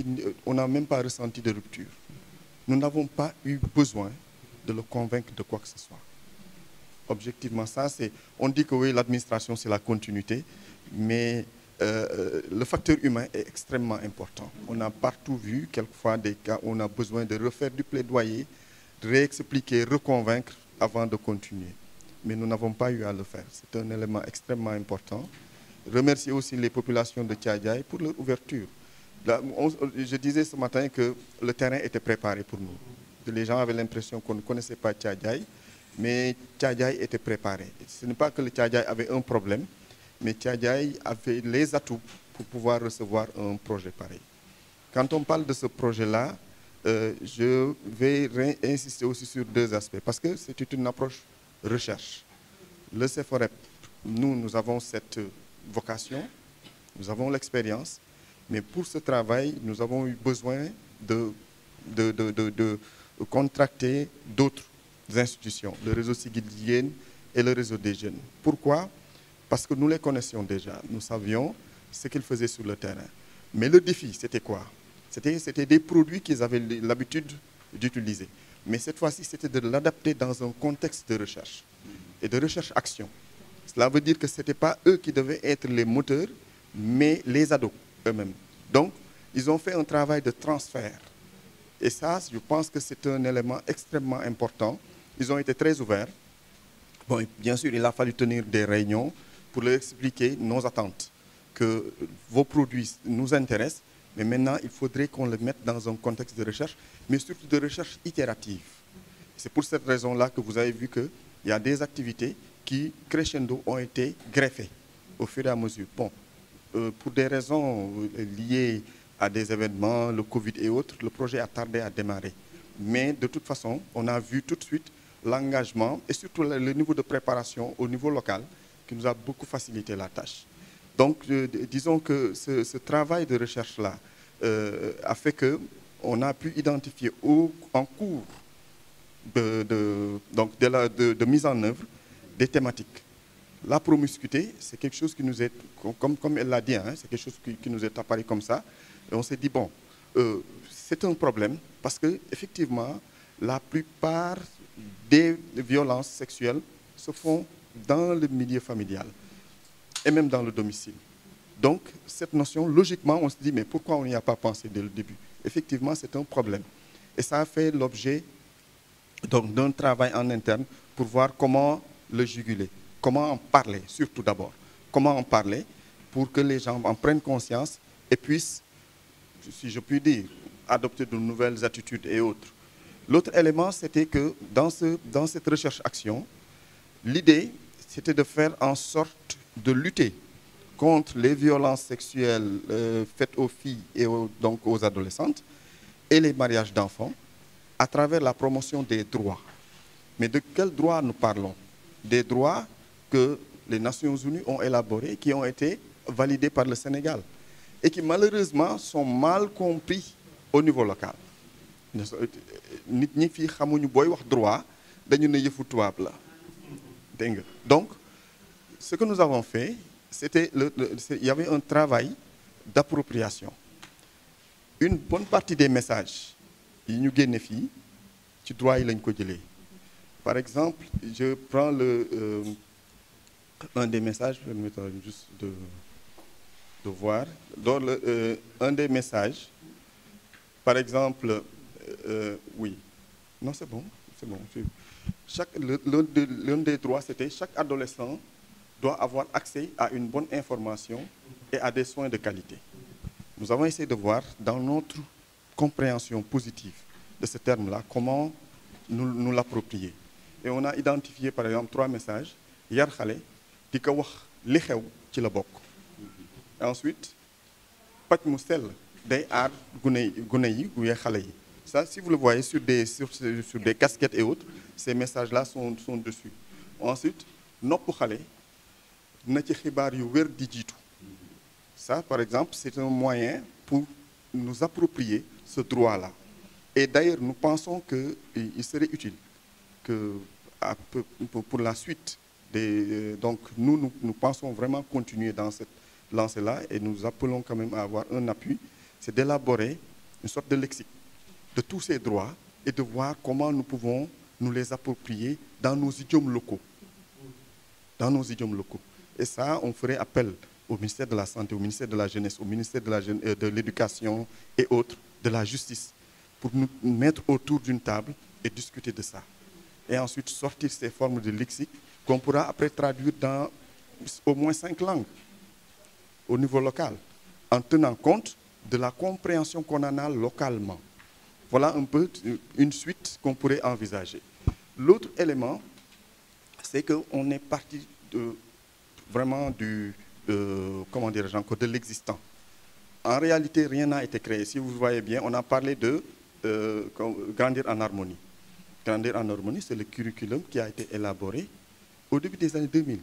Euh, on n'a même pas ressenti de rupture. Nous n'avons pas eu besoin de le convaincre de quoi que ce soit. Objectivement, ça, c'est. On dit que oui, l'administration, c'est la continuité, mais euh, euh, le facteur humain est extrêmement important. On a partout vu, quelquefois, des cas où on a besoin de refaire du plaidoyer, réexpliquer, reconvaincre avant de continuer. Mais nous n'avons pas eu à le faire. C'est un élément extrêmement important. Remercier aussi les populations de Tchadjaï pour leur ouverture. Là, je disais ce matin que le terrain était préparé pour nous. Les gens avaient l'impression qu'on ne connaissait pas Tchadjaï, mais Tchadjaï était préparé. Ce n'est pas que le Tchadjaï avait un problème, mais Tchadjaï avait les atouts pour pouvoir recevoir un projet pareil. Quand on parle de ce projet-là, euh, je vais insister aussi sur deux aspects, parce que c'est une approche recherche. Le CFOREP, nous, nous avons cette vocation, nous avons l'expérience, mais pour ce travail, nous avons eu besoin de, contracter d'autres institutions, le réseau Sigilien et le réseau des jeunes. Pourquoi Parce que nous les connaissions déjà. Nous savions ce qu'ils faisaient sur le terrain. Mais le défi, c'était quoi C'était des produits qu'ils avaient l'habitude d'utiliser. Mais cette fois-ci, c'était de l'adapter dans un contexte de recherche et de recherche-action. Cela veut dire que ce n'était pas eux qui devaient être les moteurs, mais les ados eux-mêmes. Donc, ils ont fait un travail de transfert. Et ça, je pense que c'est un élément extrêmement important. Ils ont été très ouverts. Bon, bien sûr, il a fallu tenir des réunions pour leur expliquer nos attentes, que vos produits nous intéressent, mais maintenant, il faudrait qu'on les mette dans un contexte de recherche, mais surtout de recherche itérative. C'est pour cette raison-là que vous avez vu qu'il y a des activités qui, crescendo, ont été greffées au fur et à mesure. Bon, euh, pour des raisons euh, liées à des événements, le Covid et autres, le projet a tardé à démarrer. Mais de toute façon, on a vu tout de suite l'engagement et surtout le niveau de préparation au niveau local qui nous a beaucoup facilité la tâche. Donc, euh, disons que ce, travail de recherche-là a fait qu'on a pu identifier en cours de, de mise en œuvre des thématiques la promiscuité, c'est quelque chose qui nous est, comme, elle l'a dit, hein, c'est quelque chose qui, nous est apparu comme ça. Et on s'est dit, bon, euh, c'est un problème parce que effectivement, la plupart des violences sexuelles se font dans le milieu familial et même dans le domicile. Donc, cette notion, logiquement, on se dit, mais pourquoi on n'y a pas pensé dès le début Effectivement, c'est un problème. Et ça a fait l'objet d'un travail en interne pour voir comment le juguler. Comment en parler, surtout d'abord Comment en parler pour que les gens en prennent conscience et puissent, si je puis dire, adopter de nouvelles attitudes et autres. L'autre élément, c'était que dans, ce, dans cette recherche-action, l'idée, c'était de faire en sorte de lutter contre les violences sexuelles euh, faites aux filles et donc aux adolescentes et les mariages d'enfants à travers la promotion des droits. Mais de quels droits nous parlons Des droits que les Nations Unies ont élaboré, qui ont été validés par le Sénégal et qui malheureusement sont mal compris au niveau local. donc ce que nous avons fait c'était il y avait un travail d'appropriation une bonne partie des messages yi droit par exemple je prends le euh, un des messages, permettez-moi juste de, voir. Euh, un des messages, par exemple, euh, euh, oui, non, c'est bon, c'est bon. L'un des droits, c'était chaque adolescent doit avoir accès à une bonne information et à des soins de qualité. Nous avons essayé de voir dans notre compréhension positive de ce terme-là comment nous, nous l'approprier. Et on a identifié par exemple trois messages. Yar di ko wax li xew ci la bokk ensuite paj mu sell day aar gune gune yi yi ça si vous le voyez sur des sur, des casquettes et autres ces messages là sont dessus ensuite nopp xale na ci xibaar yu wér di ça par exemple c'est un moyen pour nous approprier ce droit là et d'ailleurs nous pensons que il serait utile que pour la suite euh, donc nous, nous, nous, pensons vraiment continuer dans cette lancée-là et nous appelons quand même à avoir un appui, c'est d'élaborer une sorte de lexique de tous ces droits et de voir comment nous pouvons nous les approprier dans nos idiomes locaux. Dans nos idiomes locaux. Et ça, on ferait appel au ministère de la Santé, au ministère de la Jeunesse, au ministère de euh, l'Éducation et autres, de la Justice, pour nous mettre autour d'une table et discuter de ça. Et ensuite sortir ces formes de lexique qu'on pourra après traduire dans au moins cinq langues au niveau local, en tenant compte de la compréhension qu'on en a localement. Voilà un peu une suite qu'on pourrait envisager. L'autre élément, c'est qu'on est parti de, vraiment du, euh, comment de l'existant. En réalité, rien n'a été créé. Si vous voyez bien, on a parlé de euh, grandir en harmonie. Grandir en harmonie, c'est le curriculum qui a été élaboré au début des années 2000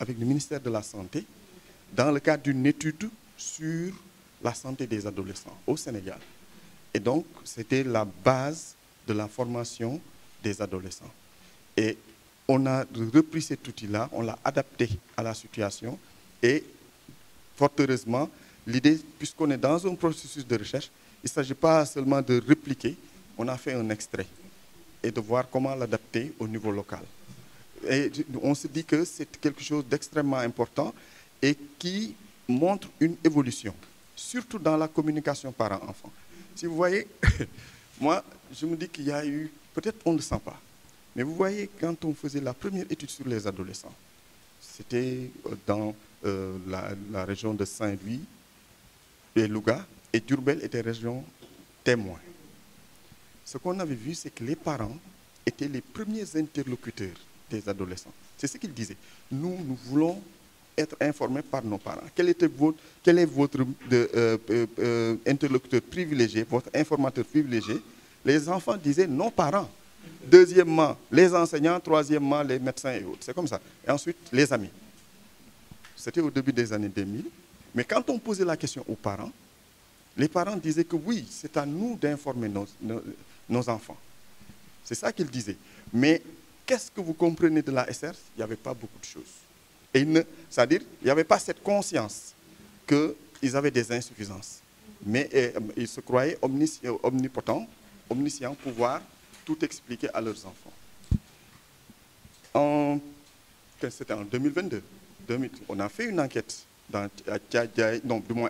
avec le ministère de la Santé dans le cadre d'une étude sur la santé des adolescents au Sénégal. Et donc, c'était la base de la formation des adolescents. Et on a repris cet outil-là, on l'a adapté à la situation et fort heureusement, l'idée, puisqu'on est dans un processus de recherche, il ne s'agit pas seulement de répliquer, on a fait un extrait et de voir comment l'adapter au niveau local. Et on se dit que c'est quelque chose d'extrêmement important et qui montre une évolution, surtout dans la communication parent-enfant. Si vous voyez, moi, je me dis qu'il y a eu, peut-être on ne le sent pas, mais vous voyez, quand on faisait la première étude sur les adolescents, c'était euh, dans euh, la, la, région de Saint-Louis, et Louga, et Durbel était région témoin. Ce qu'on avait vu, c'est que les parents étaient les premiers interlocuteurs des adolescents. C'est ce qu'ils disaient. Nous, nous voulons être informés par nos parents. Quel, était votre, quel est votre euh, euh, euh, interlocuteur privilégié, votre informateur privilégié Les enfants disaient nos parents. Deuxièmement, les enseignants. Troisièmement, les médecins et autres. C'est comme ça. Et ensuite, les amis. C'était au début des années 2000. Mais quand on posait la question aux parents, les parents disaient que oui, c'est à nous d'informer nos, nos enfants. C'est ça qu'ils disaient. Mais qu'est-ce que vous comprenez de la SR Il n'y avait pas beaucoup de choses. c'est-à-dire, il n'y avait pas cette conscience qu'ils avaient des insuffisances. Mais euh, ils se croyaient euh, omnipotents, omniscients, pouvoir tout expliquer à leurs enfants. En, c'était en 2022, on a fait une enquête dans,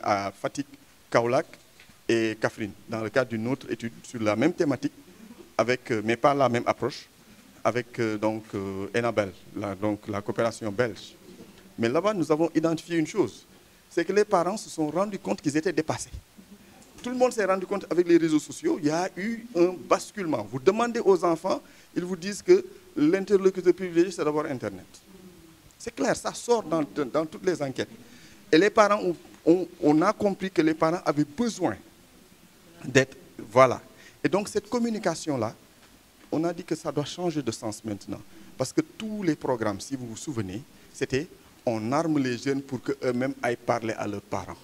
à, à Fatik, Kaolak et Catherine, dans le cadre d'une autre étude sur la même thématique, avec, euh, mais pas la même approche avec euh, donc, Enabel, euh, la, donc, la coopération belge. Mais là-bas, nous avons identifié une chose, c'est que les parents se sont rendus compte qu'ils étaient dépassés. Tout le monde s'est rendu compte avec les réseaux sociaux, il y a eu un basculement. Vous demandez aux enfants, ils vous disent que l'interlocuteur privilégié, c'est d'avoir Internet. C'est clair, ça sort dans, toutes les enquêtes. Et les parents, on a compris que les parents avaient besoin d'être, voilà. Et donc cette communication-là, on a dit que ça doit changer de sens maintenant. Parce que tous les programmes, si vous vous souvenez, c'était on arme les jeunes pour qu'eux-mêmes aillent parler à leurs parents.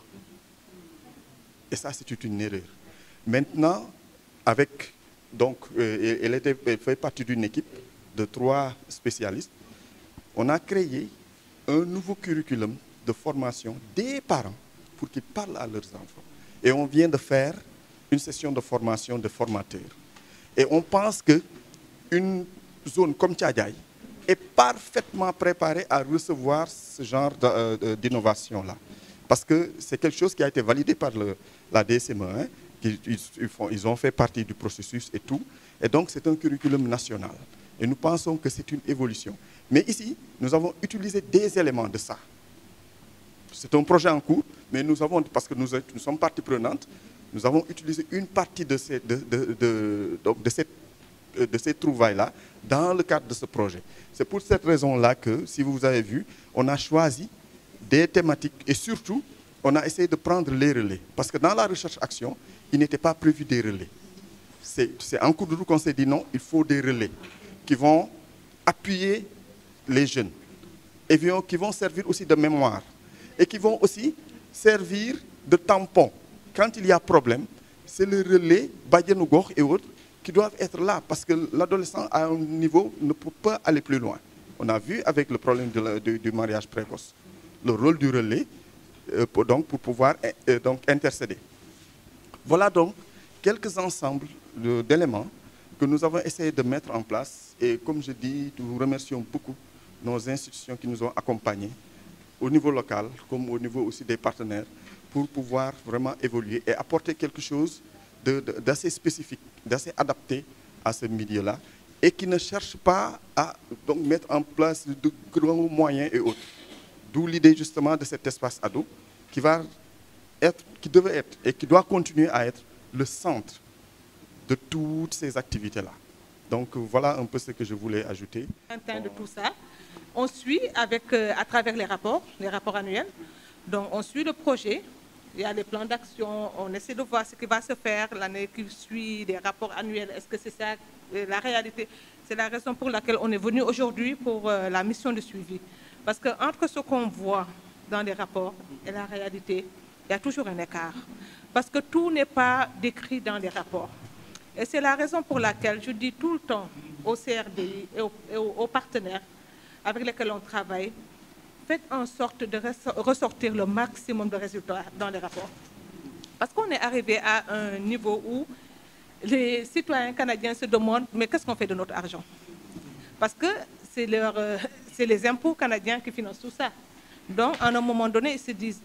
Et ça, c'est une erreur. Maintenant, avec, donc, euh, elle, était, elle fait partie d'une équipe de trois spécialistes. On a créé un nouveau curriculum de formation des parents pour qu'ils parlent à leurs enfants. Et on vient de faire une session de formation de formateurs et on pense qu'une zone comme Tchadjaï est parfaitement préparée à recevoir ce genre euh, d'innovation-là. Parce que c'est quelque chose qui a été validé par la DSME. Hein, ils, ont fait partie du processus et tout. Et donc, c'est un curriculum national. Et nous pensons que c'est une évolution. Mais ici, nous avons utilisé des éléments de ça. C'est un projet en cours, mais nous avons, parce que nous, nous sommes partie prenante, nous avons utilisé une partie de ces, euh, de, ces trouvailles-là dans le cadre de ce projet. C'est pour cette raison-là que, si vous avez vu, on a choisi des thématiques et surtout, on a essayé de prendre les relais. Parce que dans la recherche-action, il n'était pas prévu des relais. C'est en cours de route qu'on s'est dit non, il faut des relais qui vont appuyer les jeunes et qui vont servir aussi de mémoire et qui vont aussi servir de tampon quand il y a problème, c'est le relais, Badianougor et autres, qui doivent être là, parce que l'adolescent, à un niveau, ne peut pas aller plus loin. On a vu avec le problème du mariage précoce, le rôle du relais, euh, pour, donc, pouvoir euh, euh, intercéder. Voilà donc quelques ensembles d'éléments que nous avons essayé de mettre en place. Et comme je dis, nous remercions beaucoup nos institutions qui nous ont accompagnés, au niveau local comme au niveau aussi des partenaires, pour pouvoir vraiment évoluer et apporter quelque chose d'assez spécifique, d'assez adapté à ce milieu-là et qui ne cherche pas à donc, mettre en place de grands moyens et autres. D'où l'idée justement de cet espace ado qui va être, qui devait être et qui doit continuer à être le centre de toutes ces activités-là. Donc voilà un peu ce que je voulais ajouter. de tout ça, on suit avec, euh, à travers les rapports, les rapports annuels. Donc on suit le projet, il y a des plans d'action, on essaie de voir ce qui va se faire l'année qui suit, des rapports annuels, est-ce que c'est ça euh, la réalité C'est la raison pour laquelle on est venu aujourd'hui pour euh, la mission de suivi. Parce qu'entre ce qu'on voit dans les rapports et la réalité, il y a toujours un écart. Parce que tout n'est pas décrit dans les rapports. Et c'est la raison pour laquelle je dis tout le temps au CRDI et aux partenaires avec lesquels on travaille faites en sorte de ressortir le maximum de résultats dans les rapports. Parce qu'on est arrivé à un niveau où les citoyens canadiens se demandent mais qu'est-ce qu'on fait de notre argent Parce que c'est euh, les impôts canadiens qui financent tout ça. Donc, à un moment donné, ils se disent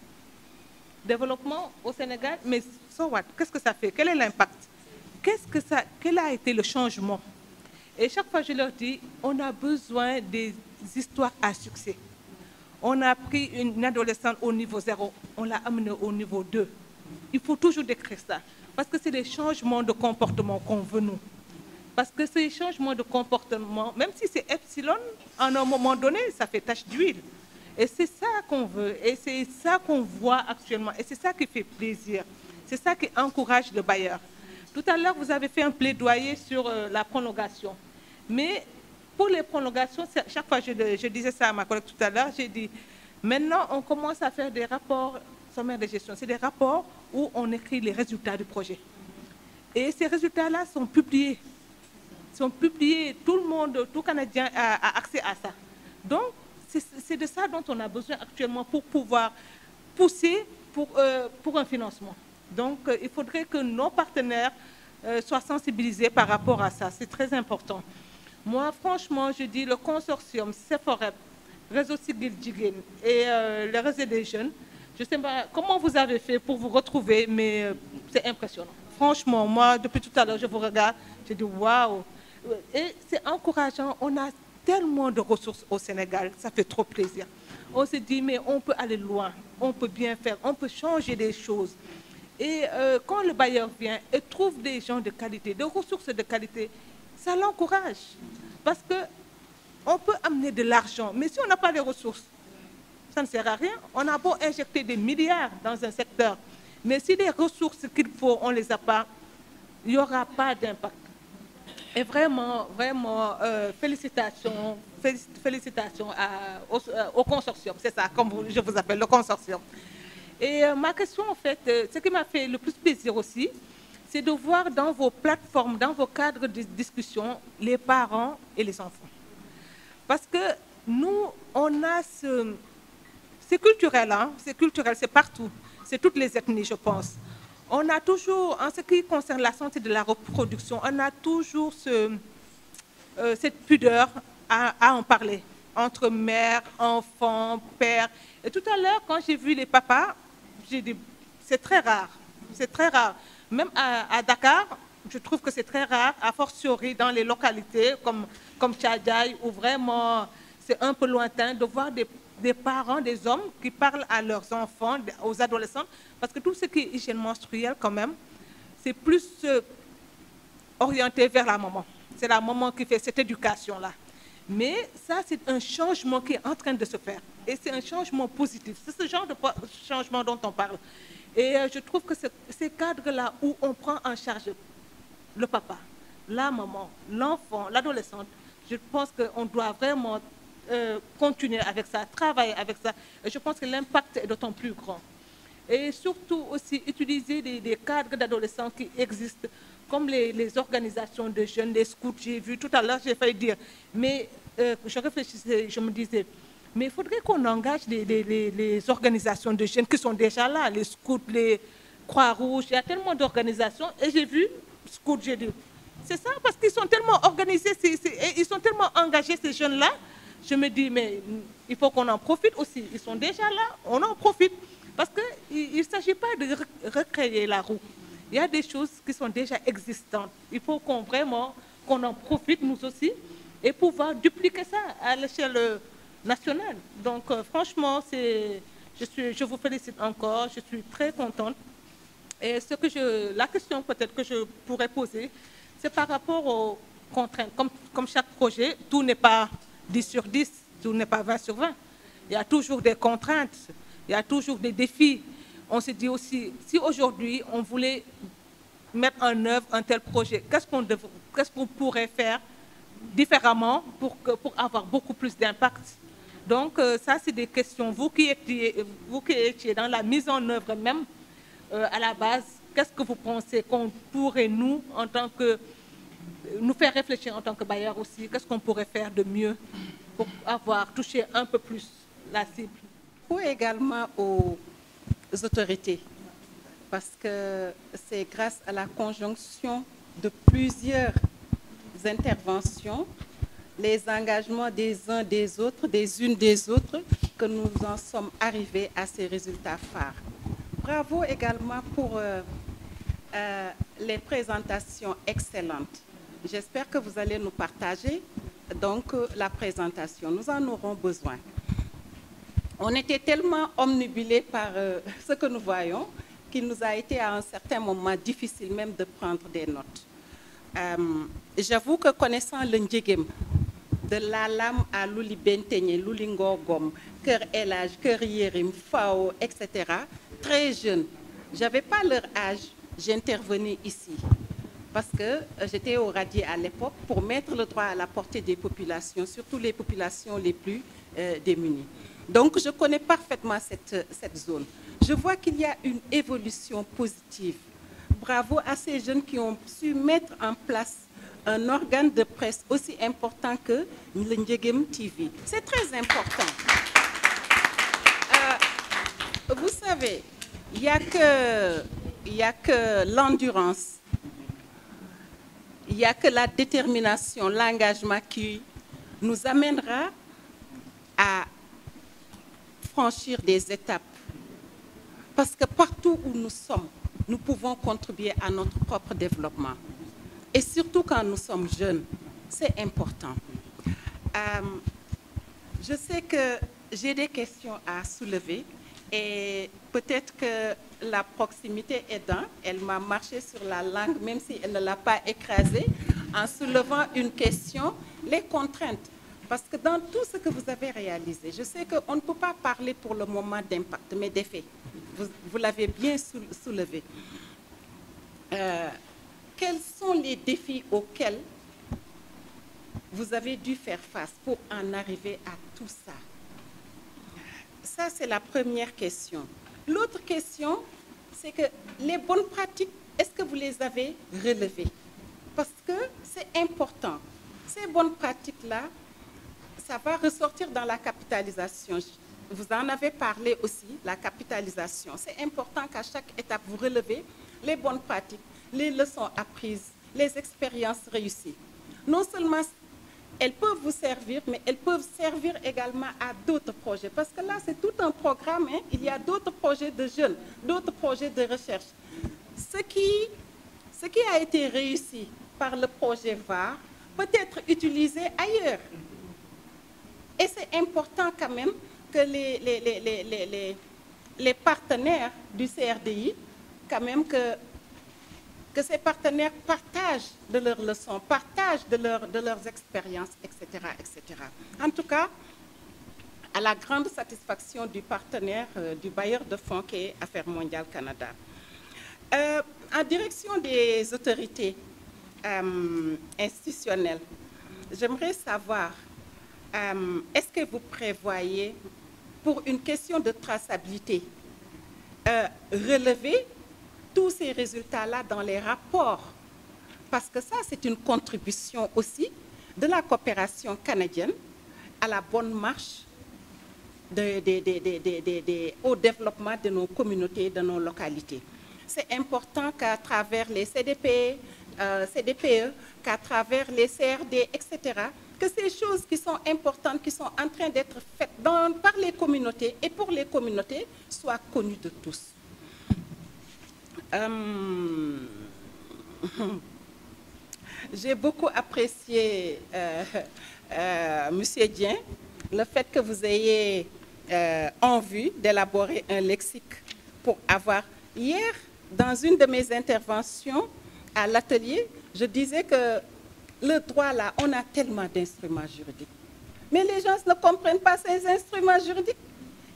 développement au Sénégal, mais so what Qu'est-ce que ça fait Quel est l'impact Qu'est-ce que Quel a été le changement Et chaque fois, je leur dis on a besoin des histoires à succès. On a pris une adolescente au niveau 0, on l'a amenée au niveau 2. Il faut toujours décrire ça, parce que c'est les changements de comportement qu'on veut nous. Parce que ces changements de comportement, même si c'est epsilon, en un moment donné, ça fait tache d'huile. Et c'est ça qu'on veut, et c'est ça qu'on voit actuellement, et c'est ça qui fait plaisir. C'est ça qui encourage le bailleur. Tout à l'heure, vous avez fait un plaidoyer sur euh, la prolongation. Mais pour les prolongations, chaque fois je, je disais ça à ma collègue tout à l'heure, j'ai dit, maintenant on commence à faire des rapports sommaires de gestion. C'est des rapports où on écrit les résultats du projet. Et ces résultats-là sont publiés. Sont publiés, tout le monde, tout Canadien a, accès à ça. Donc, c'est de ça dont on a besoin actuellement pour pouvoir pousser pour, euh, pour un financement. Donc, euh, il faudrait que nos partenaires euh, soient sensibilisés par rapport à ça. C'est très important. Moi, franchement, je dis le consortium Sephorep, Réseau civil Djigin et euh, le Réseau des jeunes, je ne sais pas comment vous avez fait pour vous retrouver, mais euh, c'est impressionnant. Franchement, moi, depuis tout à l'heure, je vous regarde, je dis waouh. Et c'est encourageant, on a tellement de ressources au Sénégal, ça fait trop plaisir. On se dit, mais on peut aller loin, on peut bien faire, on peut changer des choses. Et euh, quand le bailleur vient et trouve des gens de qualité, des ressources de qualité, ça l'encourage. Parce qu'on peut amener de l'argent, mais si on n'a pas les ressources, ça ne sert à rien. On a beau injecter des milliards dans un secteur, mais si les ressources qu'il faut, on ne les a pas, il n'y aura pas d'impact. Et vraiment, vraiment, euh, félicitations, félicitations euh, au, consortium, c'est ça, comme je vous appelle, le consortium. Et euh, ma question, en fait, ce qui m'a fait le plus plaisir aussi, c'est de voir dans vos plateformes, dans vos cadres de discussion, les parents et les enfants. Parce que nous, on a ce... C'est culturel, hein? c'est culturel, c'est partout. C'est toutes les ethnies, je pense. On a toujours, en ce qui concerne la santé de la reproduction, on a toujours ce, euh, cette pudeur à, à en parler entre mère, enfant, père. Et tout à l'heure, quand j'ai vu les papas, j'ai dit, c'est très rare, c'est très rare. Même à, Dakar, je trouve que c'est très rare, a fortiori dans les localités comme, comme Tchadjaï, où vraiment c'est un peu lointain de voir des, parents, des hommes qui parlent à leurs enfants, aux adolescents, parce que tout ce qui est hygiène menstruelle, quand même, c'est plus euh, orienté vers la maman. C'est la maman qui fait cette éducation-là. Mais ça, c'est un changement qui est en train de se faire. Et c'est un changement positif. C'est ce genre de changement dont on parle. Et euh, je trouve que ces cadres-là où on prend en charge le papa, la maman, l'enfant, l'adolescente, je pense qu'on doit vraiment euh, continuer avec ça, travailler avec ça. Et je pense que l'impact est d'autant plus grand. Et surtout aussi utiliser des, cadres d'adolescents qui existent, comme les, organisations de jeunes, les scouts, j'ai vu tout à l'heure, j'ai failli dire. Mais euh, je réfléchissais, je me disais, mais il faudrait qu'on engage les, organisations de jeunes qui sont déjà là, les scouts, les croix rouge Il y a tellement d'organisations. Et j'ai vu, scouts, j'ai dit, c'est ça, parce qu'ils sont tellement organisés, ils sont tellement engagés, ces jeunes-là. Je me dis, mais il faut qu'on en profite aussi. Ils sont déjà là, on en profite. Parce qu'il ne s'agit pas de recréer la roue. Il y a des choses qui sont déjà existantes. Il faut qu'on vraiment qu'on en profite, nous aussi, et pouvoir dupliquer ça à l'échelle euh, nationale. Donc euh, franchement, je, suis, je vous félicite encore, je suis très contente. Et ce que je, la question peut-être que je pourrais poser, c'est par rapport aux contraintes. Comme, comme chaque projet, tout n'est pas 10 sur 10, tout n'est pas 20 sur 20. Il y a toujours des contraintes, il y a toujours des défis. On se dit aussi, si aujourd'hui on voulait mettre en œuvre un tel projet, qu'est-ce qu'on qu'on pourrait faire différemment pour, que, pour avoir beaucoup plus d'impact donc, euh, ça, c'est des questions. Vous qui, étiez, dans la mise en œuvre même, euh, à la base, qu'est-ce que vous pensez qu'on pourrait, nous, en tant que. nous faire réfléchir en tant que bailleurs aussi, qu'est-ce qu'on pourrait faire de mieux pour avoir touché un peu plus la cible Ou également aux autorités, parce que c'est grâce à la conjonction de plusieurs interventions les engagements des uns des autres, des unes des autres, que nous en sommes arrivés à ces résultats phares. Bravo également pour euh, euh, les présentations excellentes. J'espère que vous allez nous partager donc euh, la présentation. Nous en aurons besoin. On était tellement omnibulés par ce que nous voyons qu'il nous a été à un certain moment difficile même de prendre des notes. J'avoue que connaissant le game de Lalam à Louli Bentenye, Cœur Elage, Cœur Yérim, Fao, etc. Très jeunes. Je n'avais pas leur âge, j'intervenais ici. Parce que euh, j'étais au radier à l'époque pour mettre le droit à la portée des populations, surtout les populations les plus euh, démunies. Donc je connais parfaitement cette, euh, cette zone. Je vois qu'il y a une évolution positive. Bravo à ces jeunes qui ont su mettre en place un organe de presse aussi important que le TV. C'est très important. Euh, vous savez, il n'y a que, a que l'endurance, il n'y a que la détermination, l'engagement qui nous amènera à franchir des étapes. Parce que partout où nous sommes, nous pouvons contribuer à notre propre développement et surtout quand nous sommes jeunes, c'est important. Euh, je sais que j'ai des questions à soulever et peut-être que la proximité aidant, elle m'a marché sur la langue, même si elle ne l'a pas écrasée, en soulevant une question, les contraintes. Parce que dans tout ce que vous avez réalisé, je sais qu'on ne peut pas parler pour le moment d'impact, mais d'effet. Vous, vous l'avez bien soulevé. Euh, quels sont les défis auxquels vous avez dû faire face pour en arriver à tout ça Ça, c'est la première question. L'autre question, c'est que les bonnes pratiques, est-ce que vous les avez relevées Parce que c'est important. Ces bonnes pratiques-là, ça va ressortir dans la capitalisation. Vous en avez parlé aussi, la capitalisation. C'est important qu'à chaque étape, vous relevez les bonnes pratiques les leçons apprises, les expériences réussies. Non seulement elles peuvent vous servir, mais elles peuvent servir également à d'autres projets. Parce que là, c'est tout un programme. Hein. Il y a d'autres projets de jeunes, d'autres projets de recherche. Ce qui, ce qui a été réussi par le projet VAR peut être utilisé ailleurs. Et c'est important quand même que les, les, les, les, partenaires du CRDI, quand même que que ces partenaires partagent de leurs leçons, partagent de, de leurs expériences, etc., etc. En tout cas, à la grande satisfaction du partenaire, euh, du bailleur de fonds qui est Affaires mondiales Canada. Euh, en direction des autorités euh, institutionnelles, j'aimerais savoir, est-ce que vous prévoyez, pour une question de traçabilité, relever tous ces résultats-là dans les rapports. Parce que ça, c'est une contribution aussi de la coopération canadienne à la bonne marche, au développement de nos communautés, de nos localités. C'est important qu'à travers les CDP, euh, CDPE, qu'à travers les CRD, etc., que ces choses qui sont importantes, qui sont en train d'être faites par les communautés et pour les communautés, soient connues de tous. Euh, j'ai beaucoup apprécié, euh, euh, Monsieur Dien, le fait que vous ayez euh, en vue d'élaborer un lexique pour avoir. Hier, dans une de mes interventions à l'atelier, je disais que le droit, là, on a tellement d'instruments juridiques. Mais les gens ne comprennent pas ces instruments juridiques.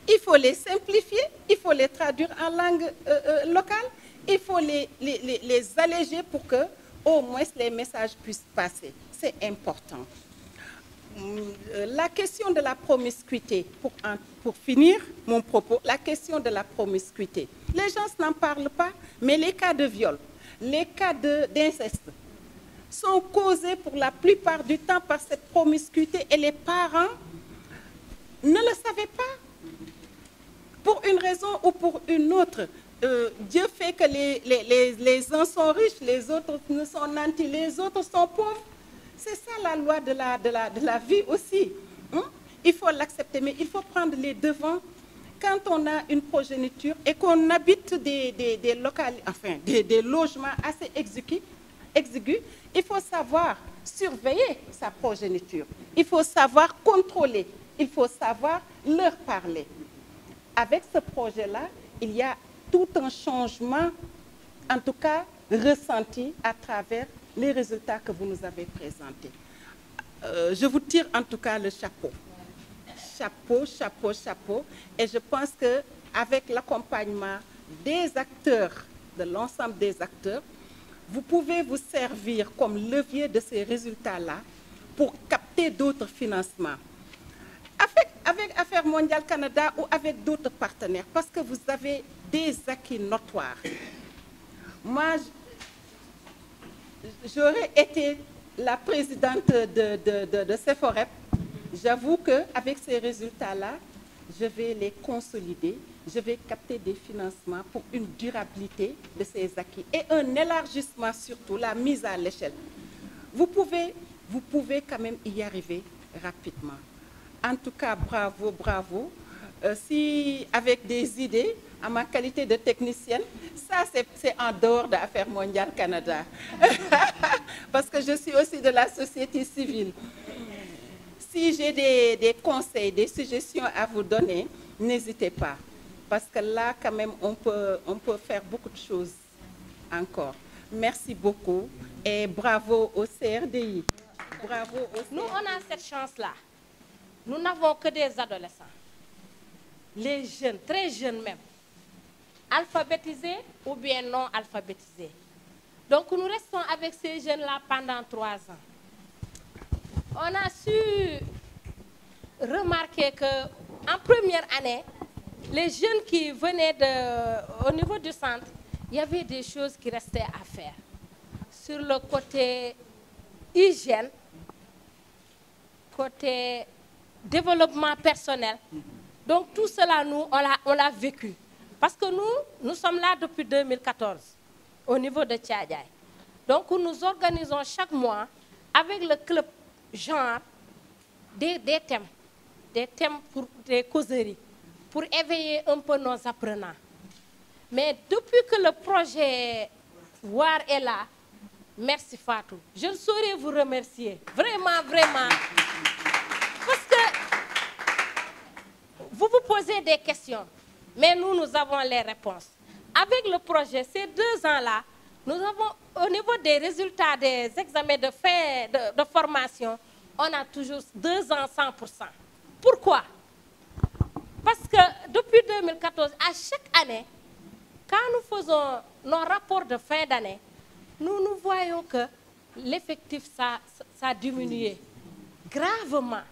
Il faut les simplifier, il faut les traduire en langue locale, il faut les, alléger pour que au moins les messages puissent passer. C'est important. Euh, la question de la promiscuité, pour, pour finir mon propos, la question de la promiscuité. Les gens n'en parlent pas, mais les cas de viol, les cas d'inceste sont causés pour la plupart du temps par cette promiscuité et les parents ne le savaient pas, pour une raison ou pour une autre. Euh, Dieu fait que les, les, les, les, uns sont riches, les autres ne sont nantis, les autres sont pauvres. C'est ça la loi de la, de la, de la vie aussi. Hein? Il faut l'accepter, mais il faut prendre les devants. Quand on a une progéniture et qu'on habite des, des, des, locales, enfin, des, des logements assez exigus, exigus, il faut savoir surveiller sa progéniture. Il faut savoir contrôler. Il faut savoir leur parler. Avec ce projet-là, il y a tout un changement, en tout cas ressenti à travers les résultats que vous nous avez présentés. Euh, je vous tire en tout cas le chapeau. Chapeau, chapeau, chapeau. Et je pense que avec l'accompagnement des acteurs, de l'ensemble des acteurs, vous pouvez vous servir comme levier de ces résultats-là pour capter d'autres financements. Avec, avec Affaires mondiales Canada ou avec d'autres partenaires, parce que vous avez des acquis notoires. Moi, j'aurais été la présidente de, de, de, de Cephorep. J'avoue qu'avec ces résultats-là, je vais les consolider, je vais capter des financements pour une durabilité de ces acquis et un élargissement surtout, la mise à l'échelle. Vous pouvez, vous pouvez quand même y arriver rapidement. En tout cas, bravo, bravo. Euh, si avec des idées, à ma qualité de technicienne, ça c'est en dehors d'Affaires mondiales Canada. Parce que je suis aussi de la société civile. Si j'ai des, conseils, des suggestions à vous donner, n'hésitez pas. Parce que là, quand même, on peut, on peut faire beaucoup de choses encore. Merci beaucoup et bravo au CRDI. Bravo au CRDI. Nous, on a cette chance-là. Nous n'avons que des adolescents, les jeunes, très jeunes même alphabétisés ou bien non alphabétisés. Donc nous restons avec ces jeunes-là pendant trois ans. On a su remarquer qu'en première année, les jeunes qui venaient de, au niveau du centre, il y avait des choses qui restaient à faire. Sur le côté hygiène, côté développement personnel. Donc tout cela, nous, on l'a vécu. Parce que nous, nous sommes là depuis 2014 au niveau de Tchadjaï. Donc nous organisons chaque mois avec le club genre des, des thèmes, des thèmes pour des causeries, pour éveiller un peu nos apprenants. Mais depuis que le projet WAR est là, merci Fatou. Je ne saurais vous remercier. Vraiment, vraiment. Parce que vous vous posez des questions. Mais nous, nous avons les réponses. Avec le projet, ces deux ans-là, nous avons, au niveau des résultats des examens de, fin de, formation, on a toujours deux ans 100%. Pourquoi Parce que depuis 2014, à chaque année, quand nous faisons nos rapports de fin d'année, nous nous voyons que l'effectif, ça, ça a diminué gravement.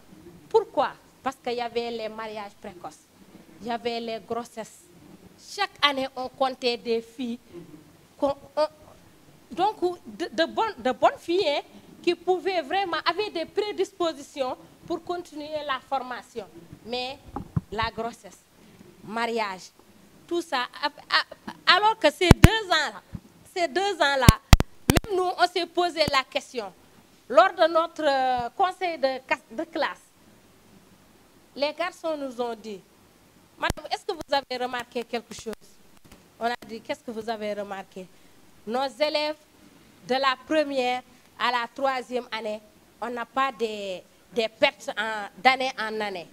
Pourquoi Parce qu'il y avait les mariages précoces il y avait les grossesses. Chaque année, on comptait des filles. donc, de, bonnes, filles hein, qui pouvaient vraiment, avoir des prédispositions pour continuer la formation. Mais la grossesse, mariage, tout ça. Alors que ces deux ans-là, ces deux ans-là, même nous, on s'est posé la question. Lors de notre euh, conseil de classe, les garçons nous ont dit, Madame, est-ce que vous avez remarqué quelque chose On a dit, qu'est-ce que vous avez remarqué Nos élèves de la première à la troisième année, on n'a pas des, pertes d'année en année.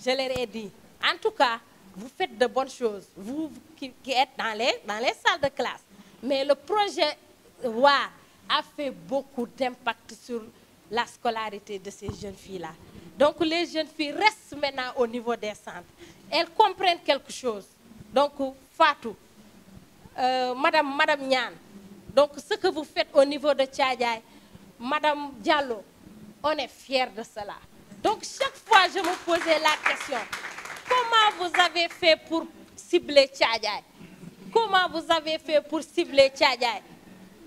Je leur ai dit, en tout cas, vous faites de bonnes choses, vous qui, êtes dans les, dans les salles de classe. Mais le projet WAR a fait beaucoup d'impact sur la scolarité de ces jeunes filles-là. Donc les jeunes filles restent maintenant au niveau des centres elles comprennent quelque chose. Donc, Fatou, euh, Madame, Madame Nyan, donc ce que vous faites au niveau de Tchadjaï, Madame Diallo, on est fiers de cela. Donc, chaque fois, je me posais la question, comment vous avez fait pour cibler Tchadjaï Comment vous avez fait pour cibler Tchadjaï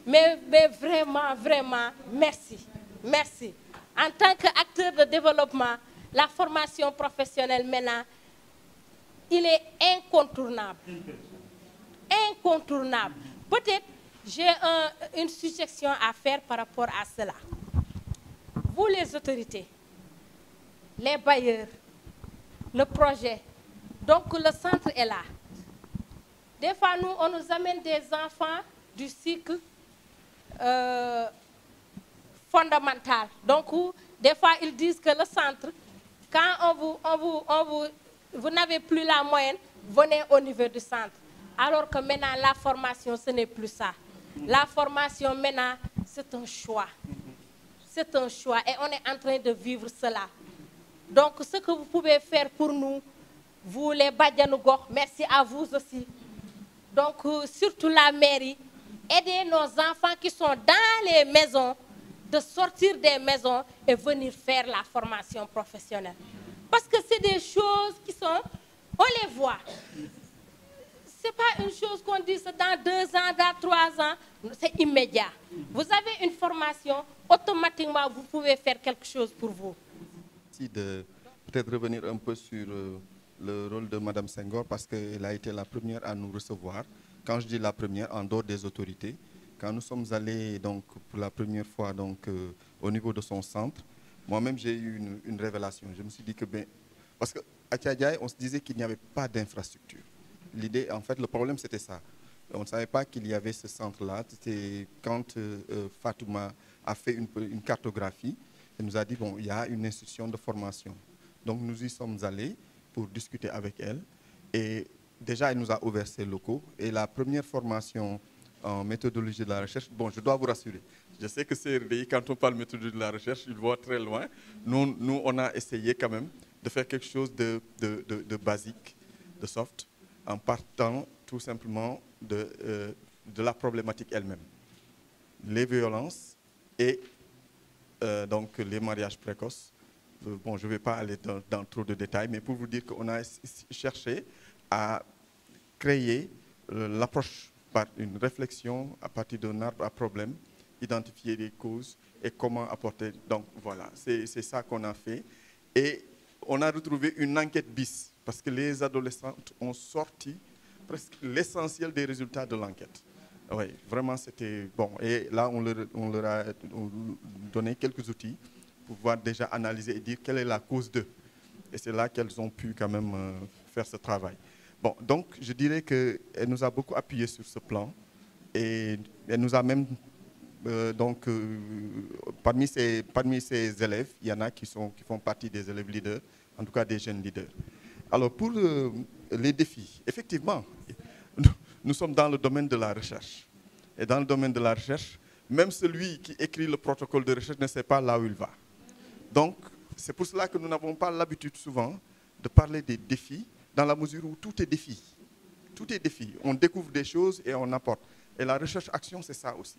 mais, mais vraiment, vraiment, merci. Merci. En tant qu'acteur de développement, la formation professionnelle maintenant, il est incontournable. Incontournable. Peut-être j'ai une suggestion à faire par rapport à cela. Vous les autorités, les bailleurs, le projet, donc le centre est là. Des fois, nous, on nous amène des enfants du cycle euh, fondamental. Donc, des fois, ils disent que le centre, quand vous, on vous vous n'avez plus la moyenne, venez au niveau du centre. Alors que maintenant, la formation, ce n'est plus ça. La formation, maintenant, c'est un choix. C'est un choix et on est en train de vivre cela. Donc, ce que vous pouvez faire pour nous, vous les Badianougok, merci à vous aussi. Donc, euh, surtout la mairie, aidez nos enfants qui sont dans les maisons de sortir des maisons et venir faire la formation professionnelle. Parce que c'est des choses qui sont, on les voit. Ce n'est pas une chose qu'on dit dans deux ans, dans trois ans, c'est immédiat. Vous avez une formation, automatiquement, vous pouvez faire quelque chose pour vous. Merci de peut-être revenir un peu sur euh, le rôle de Mme Senghor, parce qu'elle a été la première à nous recevoir. Quand je dis la première, en dehors des autorités, quand nous sommes allés donc, pour la première fois donc, euh, au niveau de son centre, moi-même, j'ai eu une, révélation. Je me suis dit que, ben, parce qu'à Tchadjaï, on se disait qu'il n'y avait pas d'infrastructure. L'idée, en fait, le problème, c'était ça. On ne savait pas qu'il y avait ce centre-là. C'était quand euh, euh, Fatouma a fait une, une cartographie, elle nous a dit, bon, il y a une institution de formation. Donc, nous y sommes allés pour discuter avec elle. Et déjà, elle nous a ouvert ses locaux. Et la première formation en méthodologie de la recherche, bon, je dois vous rassurer, je sais que CRDI, quand on parle méthode de la recherche, il voit très loin. Nous, nous, on a essayé quand même de faire quelque chose de, de, de, basique, de soft, en partant tout simplement de, euh, de la problématique elle-même. Les violences et euh, donc les mariages précoces. Euh, bon, je ne vais pas aller dans, dans, trop de détails, mais pour vous dire qu'on a cherché à créer l'approche par une réflexion à partir d'un arbre à problème identifier les causes et comment apporter. Donc voilà, c'est ça qu'on a fait. Et on a retrouvé une enquête bis, parce que les adolescentes ont sorti presque l'essentiel des résultats de l'enquête. Oui, vraiment, c'était bon. Et là, on leur, on leur a donné quelques outils pour pouvoir déjà analyser et dire quelle est la cause d'eux. Et c'est là qu'elles ont pu quand même euh, faire ce travail. Bon, donc je dirais qu'elle nous a beaucoup appuyé sur ce plan et elle nous a même euh, donc, euh, parmi, ces, ces élèves, il y en a qui, sont, qui font partie des élèves leaders, en tout cas des jeunes leaders. Alors, pour euh, les défis, effectivement, nous sommes dans le domaine de la recherche. Et dans le domaine de la recherche, même celui qui écrit le protocole de recherche ne sait pas là où il va. Donc, c'est pour cela que nous n'avons pas l'habitude souvent de parler des défis, dans la mesure où tout est défi. Tout est défi. On découvre des choses et on apporte. Et la recherche-action, c'est ça aussi.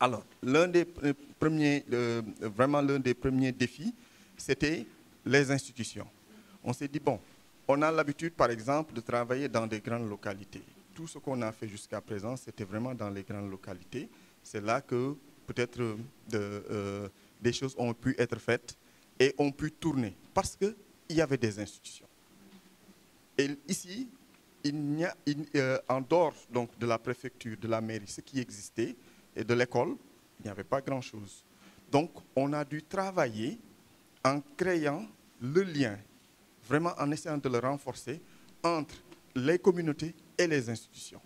Alors, l'un des euh, premiers, euh, vraiment l'un des premiers défis, c'était les institutions. On s'est dit, bon, on a l'habitude, par exemple, de travailler dans des grandes localités. Tout ce qu'on a fait jusqu'à présent, c'était vraiment dans les grandes localités. C'est là que peut-être euh, des choses ont pu être faites et ont pu tourner parce qu'il y avait des institutions. Et ici, il y a, en dehors donc, de la préfecture, de la mairie, ce qui existait, et de l'école, il n'y avait pas grand-chose. Donc, on a dû travailler en créant le lien, vraiment en essayant de le renforcer, entre les communautés et les institutions.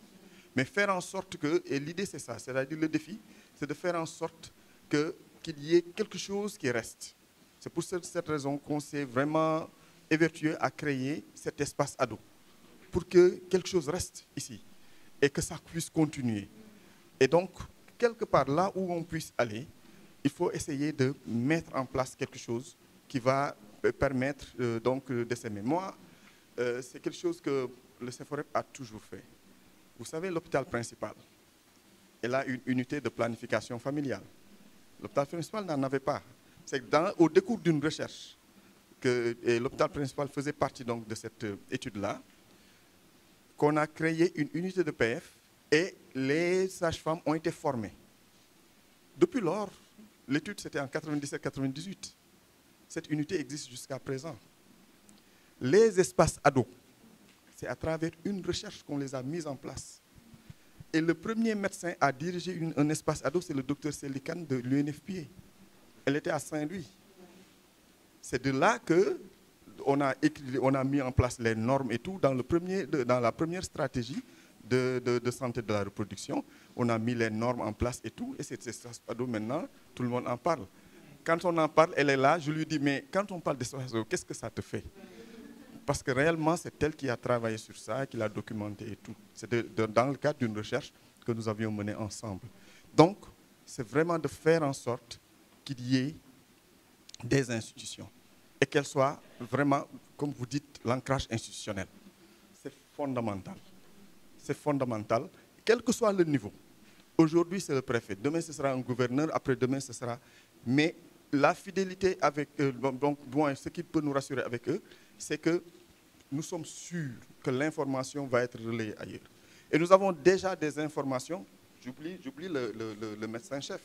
Mais faire en sorte que, et l'idée c'est ça, c'est-à-dire le défi, c'est de faire en sorte que, qu'il y ait quelque chose qui reste. C'est pour cette, raison qu'on s'est vraiment évertué à créer cet espace ado, pour que quelque chose reste ici et que ça puisse continuer. Et donc, quelque part là où on puisse aller, il faut essayer de mettre en place quelque chose qui va euh, permettre euh, donc euh, de s'aimer. Moi, c'est quelque chose que le CFOREP a toujours fait. Vous savez, l'hôpital principal, elle a une unité de planification familiale. L'hôpital principal n'en avait pas. C'est au décours d'une recherche que l'hôpital principal faisait partie donc de cette étude-là qu'on a créé une unité de PF et les sages-femmes ont été formées. Depuis lors, l'étude c'était en 97-98. Cette unité existe jusqu'à présent. Les espaces ados, c'est à travers une recherche qu'on les a mis en place. Et le premier médecin à diriger une, un espace ado, c'est le docteur Selikan de l'UNFPA. Elle était à Saint-Louis. C'est de là que on a, on a mis en place les normes et tout. Dans, le premier, dans la première stratégie, de, de, santé de la reproduction. On a mis les normes en place et tout. Et c'est Spado maintenant, tout le monde en parle. Quand on en parle, elle est là. Je lui dis, mais quand on parle de ça, qu'est-ce que ça te fait Parce que réellement, c'est elle qui a travaillé sur ça, qui l'a documenté et tout. C'est dans le cadre d'une recherche que nous avions menée ensemble. Donc, c'est vraiment de faire en sorte qu'il y ait des institutions et qu'elles soient vraiment, comme vous dites, l'ancrage institutionnel. C'est fondamental c'est fondamental, quel que soit le niveau. Aujourd'hui, c'est le préfet, demain, ce sera un gouverneur, après-demain, ce sera... Mais la fidélité avec eux, ce qui peut nous rassurer avec eux, c'est que nous sommes sûrs que l'information va être relayée ailleurs. Et nous avons déjà des informations, j'oublie le, médecin-chef,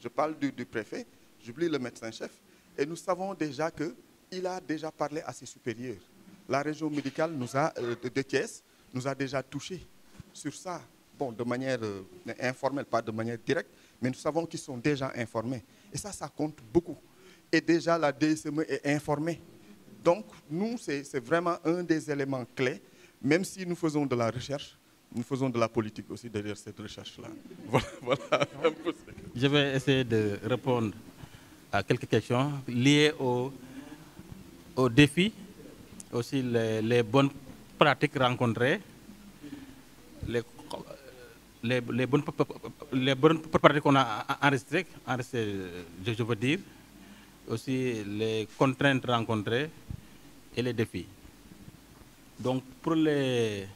je parle du, préfet, j'oublie le médecin-chef, et nous savons déjà qu'il a déjà parlé à ses supérieurs. La région médicale nous a, euh, de Thiès nous a déjà touchés sur ça. Bon, de manière euh, informelle, pas de manière directe, mais nous savons qu'ils sont déjà informés. Et ça, ça compte beaucoup. Et déjà, la DSME est informée. Donc, nous, c'est vraiment un des éléments clés, même si nous faisons de la recherche, nous faisons de la politique aussi derrière cette recherche-là. Voilà, voilà. Je vais essayer de répondre à quelques questions liées au, au défi, aussi les, les bonnes pratiques rencontrées, les, les, bonnes, les bonnes, pratiques qu'on a enregistrées, je, veux dire, aussi les contraintes rencontrées et les défis. Donc pour les,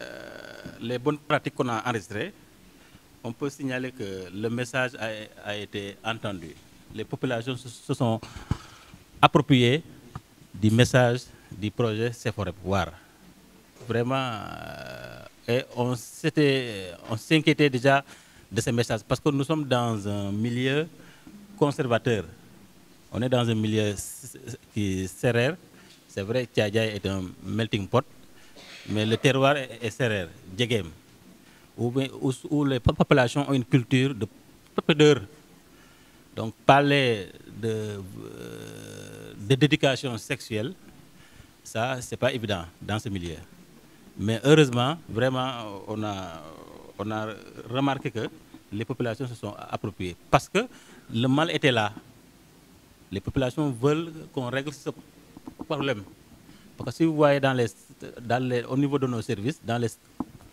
euh, bonnes pratiques qu'on a enregistrées, on peut signaler que le message a, été entendu. Les populations se sont appropriées du message du projet c'est pouvoir Vraiment, euh, et on s'inquiétait déjà de ces messages parce que nous sommes dans un milieu conservateur. On est dans un milieu qui serrère. C'est vrai que est un melting pot, mais le terroir est serrère, Djegem, où, les populations ont une culture de peur. Donc parler de, euh, de dédication sexuelle, ça, ce n'est pas évident dans ce milieu. Mais heureusement, vraiment, on a, on a remarqué que les populations se sont appropriées. Parce que le mal était là. Les populations veulent qu'on règle ce problème. Parce que si vous voyez dans les, dans les, au niveau de nos services, dans les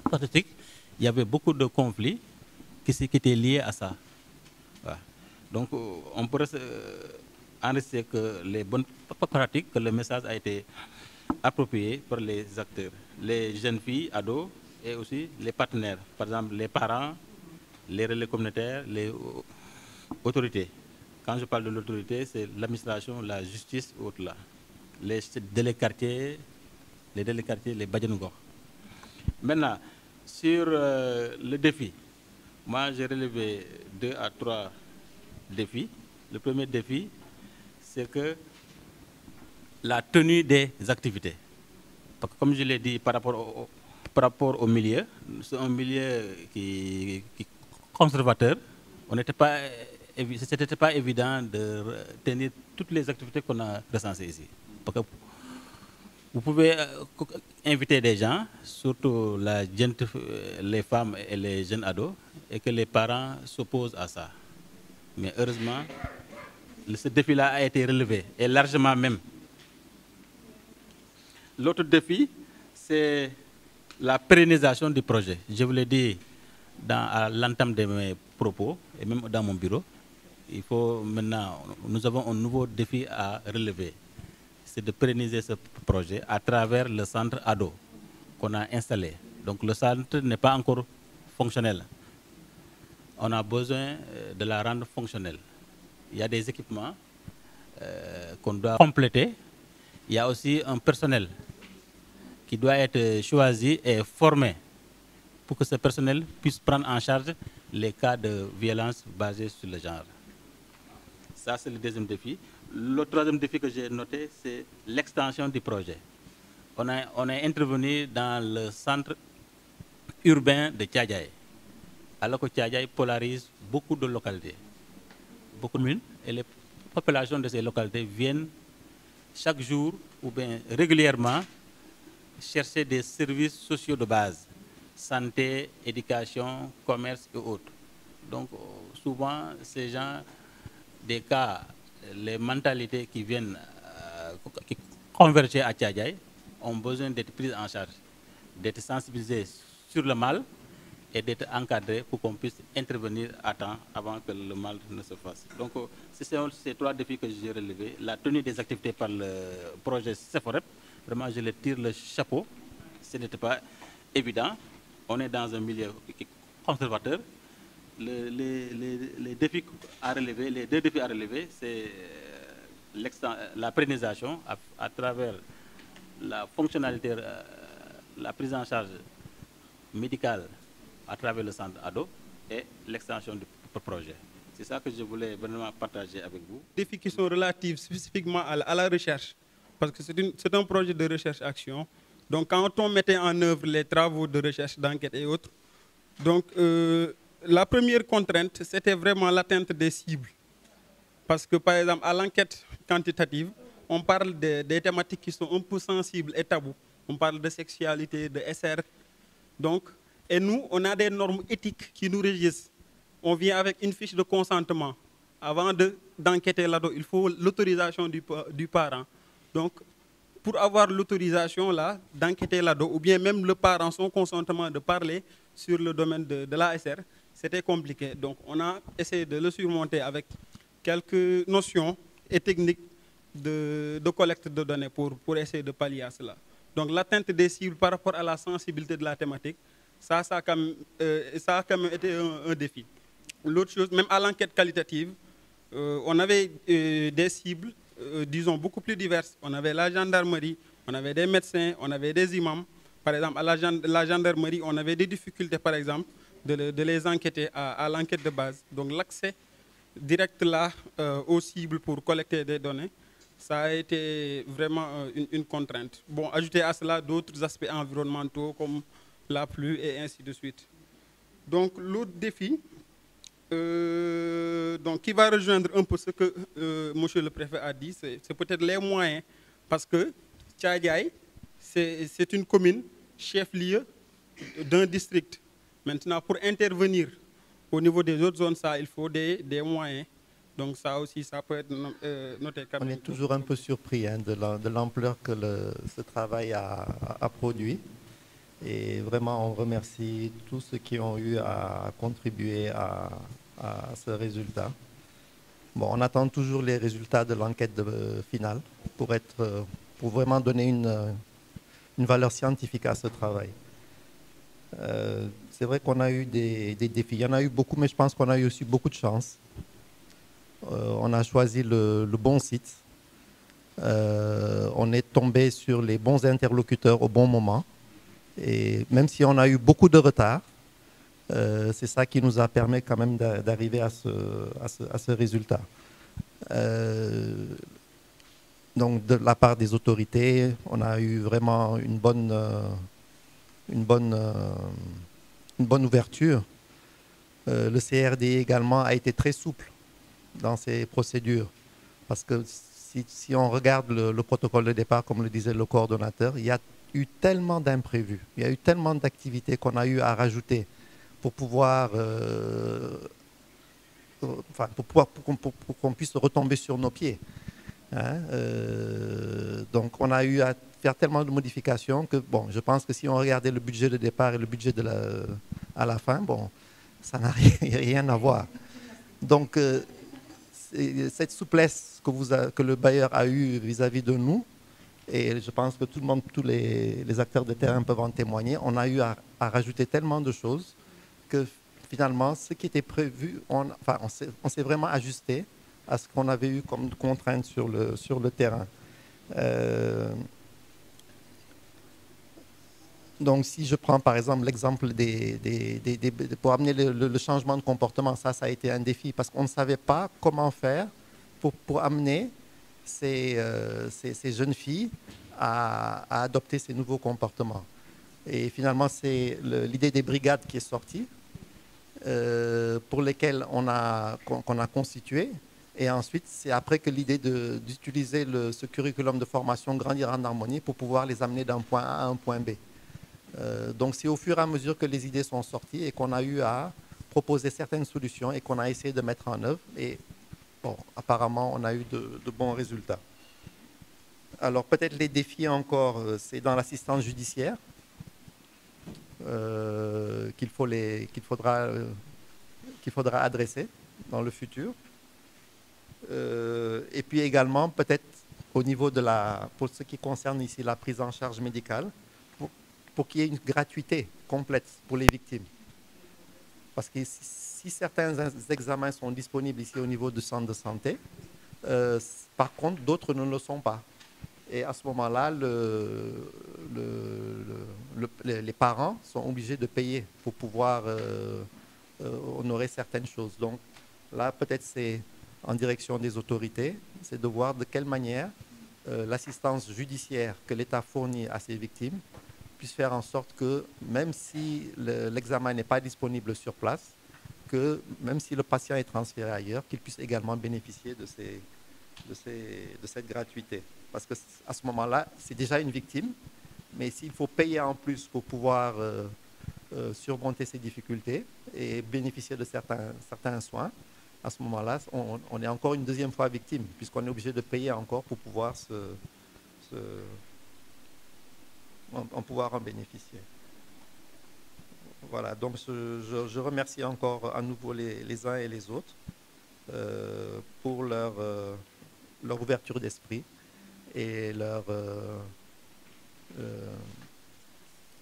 statistiques, il y avait beaucoup de conflits qui, qui étaient liés à ça. Donc, on pourrait euh, enregistrer que les bonnes pratiques, que le message a été appropriés par les acteurs, les jeunes filles, ados et aussi les partenaires, par exemple les parents, les relais communautaires, les autorités. Quand je parle de l'autorité, c'est l'administration, la justice, autre là. Les délais quartiers, les délais quartiers, les Badjanougor. Maintenant, sur euh, le défi, moi j'ai relevé deux à trois défis. Le premier défi, c'est que la tenue des activités. comme je l'ai dit par rapport au, milieu, c'est un milieu conservateur. On n'était pas, évident de tenir toutes les activités qu'on a recensées ici. vous pouvez euh, inviter des gens, surtout euh, les femmes et les jeunes ados, et que les parents s'opposent à ça. Mais heureusement, ce défi-là a été relevé, et largement même. L'autre défi, c'est la pérennisation du projet. Je vous l'ai dit à l'entame de mes propos et même dans mon bureau. Il faut maintenant, nous avons un nouveau défi à relever. C'est de pérenniser ce projet à travers le centre ADO qu'on a installé. Donc le centre n'est pas encore fonctionnel. On a besoin euh, de la rendre fonctionnelle. Il y a des équipements euh, qu'on doit compléter il y a aussi un personnel qui doit être choisi et formé pour que ce personnel puisse prendre en charge les cas de violence basés sur le genre. Ça, c'est le deuxième défi. Le troisième défi que j'ai noté, c'est l'extension du projet. On, a, on est intervenu dans le centre urbain de Tchadjaï, alors que Tchadjaï polarise beaucoup de localités. Beaucoup de communes et les populations de ces localités viennent chaque jour ou bien régulièrement chercher des services sociaux de base, santé, éducation, commerce et autres. Donc euh, souvent, ces gens, des cas, les mentalités qui viennent, euh, qui converger à Tchadjaï, ont besoin d'être prises en charge, d'être sensibilisés sur le mal, et d'être encadré pour qu'on puisse intervenir à temps avant que le mal ne se fasse. Donc, euh, c'est ces trois défis que j'ai relevés. La tenue des activités par le projet CEFOREP, vraiment, je les tire le chapeau. Ce n'était pas évident. On est dans un milieu conservateur. les, les, défis à relever, les deux défis à relever, c'est euh, la à, travers la fonctionnalité, euh, la prise en charge médicale à travers le centre ADO et l'extension du projet. C'est ça que je voulais vraiment partager avec vous. Des défis qui sont relatifs spécifiquement à la, recherche, parce que c'est un projet de recherche-action. Donc quand on mettait en œuvre les travaux de recherche, d'enquête et autres, donc euh, la première contrainte, c'était vraiment l'atteinte des cibles. Parce que par exemple, à l'enquête quantitative, on parle des thématiques qui sont un peu sensibles et tabous. On parle de sexualité, de SR. Donc, et nous, on a des normes éthiques qui nous régissent. On vient avec une fiche de consentement. Avant d'enquêter de, il faut l'autorisation du, du parent. Donc, pour avoir l'autorisation là, d'enquêter l'ADO, ou bien même le parent, son consentement de parler sur le domaine de, de l'ASR, c'était compliqué. Donc on a essayé de le surmonter avec quelques notions et techniques de, collecte de données pour, pour essayer de pallier à cela. Donc l'atteinte des cibles par rapport à la sensibilité de la thématique, ça, ça a quand même, euh, ça été un, défi. L'autre chose, même à l'enquête qualitative, euh, on avait euh, des cibles, disons, beaucoup plus diverses. On avait la gendarmerie, on avait des médecins, on avait des imams. Par exemple, à la, gendarmerie, on avait des difficultés, par exemple, de, les enquêter à, l'enquête de base. Donc l'accès direct là aux cibles pour collecter des données, ça a été vraiment une, une contrainte. Bon, ajouter à cela d'autres aspects environnementaux comme la pluie et ainsi de suite. Donc l'autre défi, euh, donc, qui va rejoindre un peu ce que M. Euh, monsieur le préfet a dit, c'est peut-être les moyens, parce que Tchadiaï, c'est une commune chef-lieu d'un district. Maintenant, pour intervenir au niveau des autres zones, ça, il faut des, moyens. Donc ça aussi, ça peut être euh, noté. On est toujours un peu surpris hein, de l'ampleur que ce travail a produit. Et vraiment, on remercie tous ceux qui ont eu à contribuer à, ce résultat. on attend toujours les résultats de l'enquête euh, finale pour, être, euh, pour vraiment donner euh, une, valeur scientifique à ce travail. c'est vrai qu'on a eu des, défis. Il y en a eu beaucoup, mais je pense qu'on a eu aussi beaucoup de chance. on a choisi le, bon site. on est tombé sur les bons interlocuteurs au bon moment. Et même si on a eu beaucoup de retard, euh, c'est ça qui nous a permis quand même d'arriver à ce, résultat. Euh, donc de la part des autorités, on a eu vraiment une bonne, euh, une bonne, une bonne ouverture. le CRD également a été très souple dans ses procédures. Parce que si, on regarde le, le protocole de départ, comme le disait le coordonnateur, il y a eu tellement d'imprévus, il y a eu tellement d'activités qu'on a eu à rajouter pour pouvoir, euh, euh, pour, pouvoir pour, qu'on puisse retomber sur nos pieds. Hein, euh, donc on a eu à faire tellement de modifications que bon, je pense que si on regardait le budget de départ et le budget de la, à la fin, bon, ça n'a rien à voir. Donc cette souplesse que, vous que le bailleur a eue vis-à-vis de nous, et je pense que tout le monde, tous les, acteurs de terrain peuvent en témoigner, on a eu à, rajouter tellement de choses que finalement, ce qui était prévu, on, enfin, on s'est vraiment ajusté à ce qu'on avait eu comme contrainte sur le, sur le terrain. Euh, donc, si je prends par exemple l'exemple des, pour amener le, changement de comportement, ça, ça a été un défi parce qu'on ne savait pas comment faire pour, pour amener euh, ces, jeunes filles à, adopter ces nouveaux comportements. Et finalement, c'est l'idée des brigades qui est sortie, euh, pour lesquelles on a, qu'on, a constitué. Et ensuite, c'est après que l'idée d'utiliser ce curriculum de formation Grandir en harmonie pour pouvoir les amener d'un point A à un point B. Euh, donc c'est au fur et à mesure que les idées sont sorties et qu'on a eu à proposer certaines solutions et qu'on a essayé de mettre en œuvre. Et Bon, apparemment, on a eu de, bons résultats. Alors peut-être les défis encore, euh, c'est dans l'assistance judiciaire euh, qu'il faudra, euh, qu'il faudra adresser dans le futur. et puis également peut-être au niveau de la, pour ce qui concerne ici la prise en charge médicale, pour qu'il y ait une gratuité complète pour les victimes. Parce que si, certains examens sont disponibles ici au niveau du centre de santé, euh, par contre, d'autres ne le sont pas. Et à ce moment-là, les parents sont obligés de payer pour pouvoir euh, euh, honorer certaines choses. Donc là, peut-être c'est en direction des autorités, c'est de voir de quelle manière l'assistance judiciaire que l'État fournit à ses victimes puisse faire en sorte que, même si l'examen n'est pas disponible sur place, que même si le patient est transféré ailleurs, qu'il puisse également bénéficier de, ces, de, ces, de cette gratuité. Parce que à ce moment-là, c'est déjà une victime, mais s'il faut payer en plus pour pouvoir euh, euh, surmonter ces difficultés et bénéficier de certains, certains soins, à ce moment-là, on, est encore une deuxième fois victime, puisqu'on est obligé de payer encore pour pouvoir se en, pouvoir en bénéficier. Voilà, donc je, remercie encore à nouveau les, uns et les autres euh, pour leur, euh, leur ouverture d'esprit et leur, euh,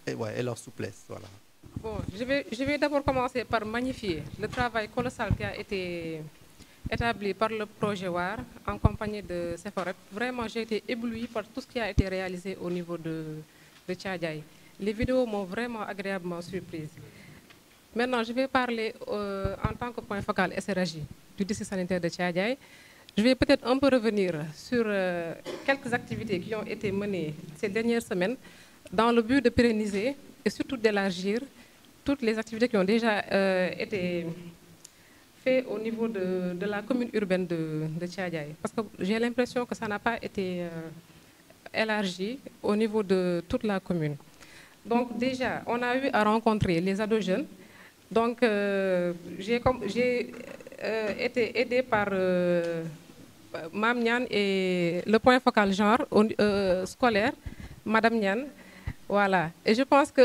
et, ouais, et leur souplesse. Voilà. Bon, je vais, je vais d'abord commencer par magnifier le travail colossal qui a été établi par le projet WAR en compagnie de Sephora. Vraiment, j'ai été ébloui par tout ce qui a été réalisé au niveau de, de Les vidéos m'ont vraiment agréablement surprise. Maintenant, je vais parler euh, en tant que point focal SRJ du district sanitaire de Tchadjaï. Je vais peut-être un peu revenir sur euh, quelques activités qui ont été menées ces dernières semaines dans le but de pérenniser et surtout d'élargir toutes les activités qui ont déjà euh, été faites au niveau de, la commune urbaine de, de Parce que j'ai l'impression que ça n'a pas été élargie au niveau de toute la commune. Donc déjà, on a eu à rencontrer les ados jeunes. Donc euh, j'ai euh, été aidée par euh, Mme Nian et le point focal genre euh, scolaire, Madame Nian. Voilà. Et je pense que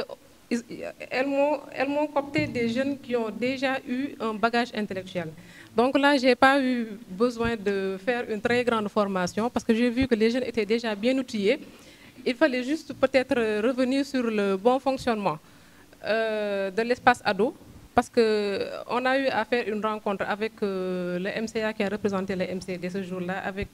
elles m'ont coopté des jeunes qui ont déjà eu un bagage intellectuel. Donc là, je n'ai pas eu besoin de faire une très grande formation parce que j'ai vu que les jeunes étaient déjà bien outillés. Il fallait juste peut-être revenir sur le bon fonctionnement euh, de l'espace ado parce qu'on euh, a eu à faire une rencontre avec euh, le MCA qui a représenté le MCD ce jour-là, avec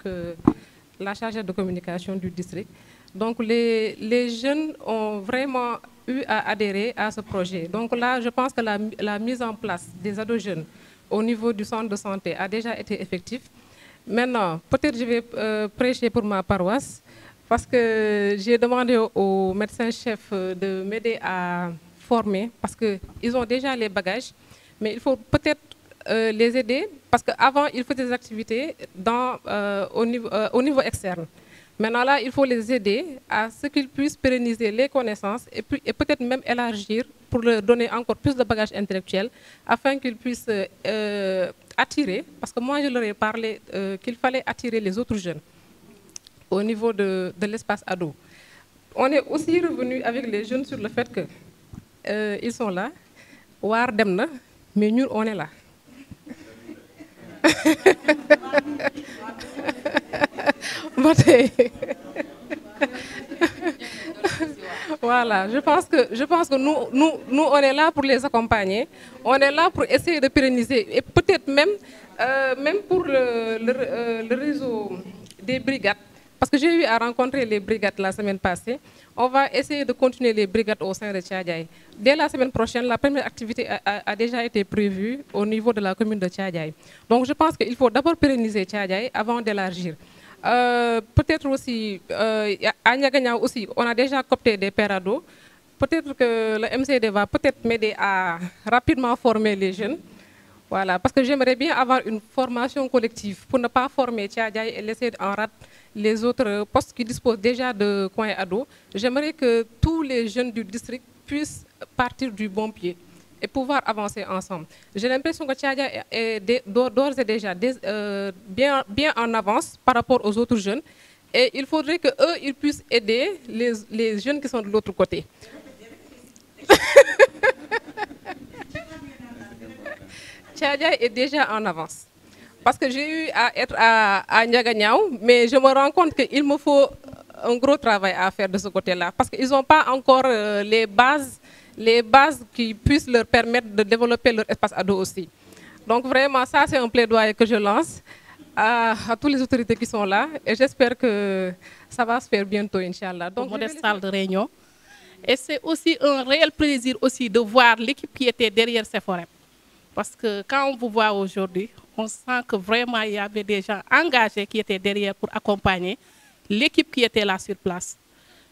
la chargée de communication du district. Donc les, les, jeunes ont vraiment eu à adhérer à ce projet. Donc là, je pense que la, la mise en place des ados jeunes au niveau du centre de santé a déjà été effectif. Maintenant, peut-être je vais euh, prêcher pour ma paroisse parce que j'ai demandé au médecin-chef euh, de m'aider à former parce qu'ils ont déjà les bagages, mais il faut peut-être euh, les aider parce qu'avant, ils faisaient des activités dans, au, niveau, au niveau externe. Maintenant là, il faut les aider à ce qu'ils puissent pérenniser les connaissances et, peut-être même élargir pour leur donner encore plus de bagages intellectuels afin qu'ils puissent euh, attirer, parce que moi je leur ai parlé euh, qu'il fallait attirer les autres jeunes au niveau de, l'espace ado. On est aussi revenu avec les jeunes sur le fait qu'ils euh, sont là, War Demna, mais nous on est là. voilà, je pense que, je pense que nous, nous, nous, on est là pour les accompagner. On est là pour essayer de pérenniser et peut-être même, euh, même pour euh, le réseau des brigades parce que j'ai eu à rencontrer les brigades la semaine passée. On va essayer de continuer les brigades au sein de Tchadjaï. Dès la semaine prochaine, la première activité a, déjà été prévue au niveau de la commune de Tchadjaï. Donc je pense qu'il faut d'abord pérenniser Tchadjaï avant d'élargir. Euh, peut-être aussi, euh, à aussi, on a déjà copté des perados. Peut-être que le MCD va peut-être m'aider à rapidement former les jeunes. Voilà, parce que j'aimerais bien avoir une formation collective pour ne pas former Tchadjaï et laisser en rate les autres postes qui disposent déjà de coins ados. J'aimerais que tous les jeunes du district puissent partir du bon pied et pouvoir avancer ensemble. J'ai l'impression que Tchadia est d'ores et déjà euh, bien, en avance par rapport aux autres jeunes. Et il faudrait eux, ils puissent aider les, jeunes qui sont de l'autre côté. Tchadia est déjà en avance. Parce que j'ai eu à être à, à mais je me rends compte qu'il me faut un gros travail à faire de ce côté-là. Parce qu'ils n'ont pas encore euh, les bases, les bases qui puissent leur permettre de développer leur espace ado aussi. Donc vraiment, ça c'est un plaidoyer que je lance à, à toutes les autorités qui sont là. Et j'espère que ça va se faire bientôt, Inch'Allah. Donc, salle de réunion. Et c'est aussi un réel plaisir aussi de voir l'équipe qui était derrière ces forêts. Parce que quand on vous voit aujourd'hui, on sent que vraiment il y avait des gens engagés qui étaient derrière pour accompagner l'équipe qui était là sur place.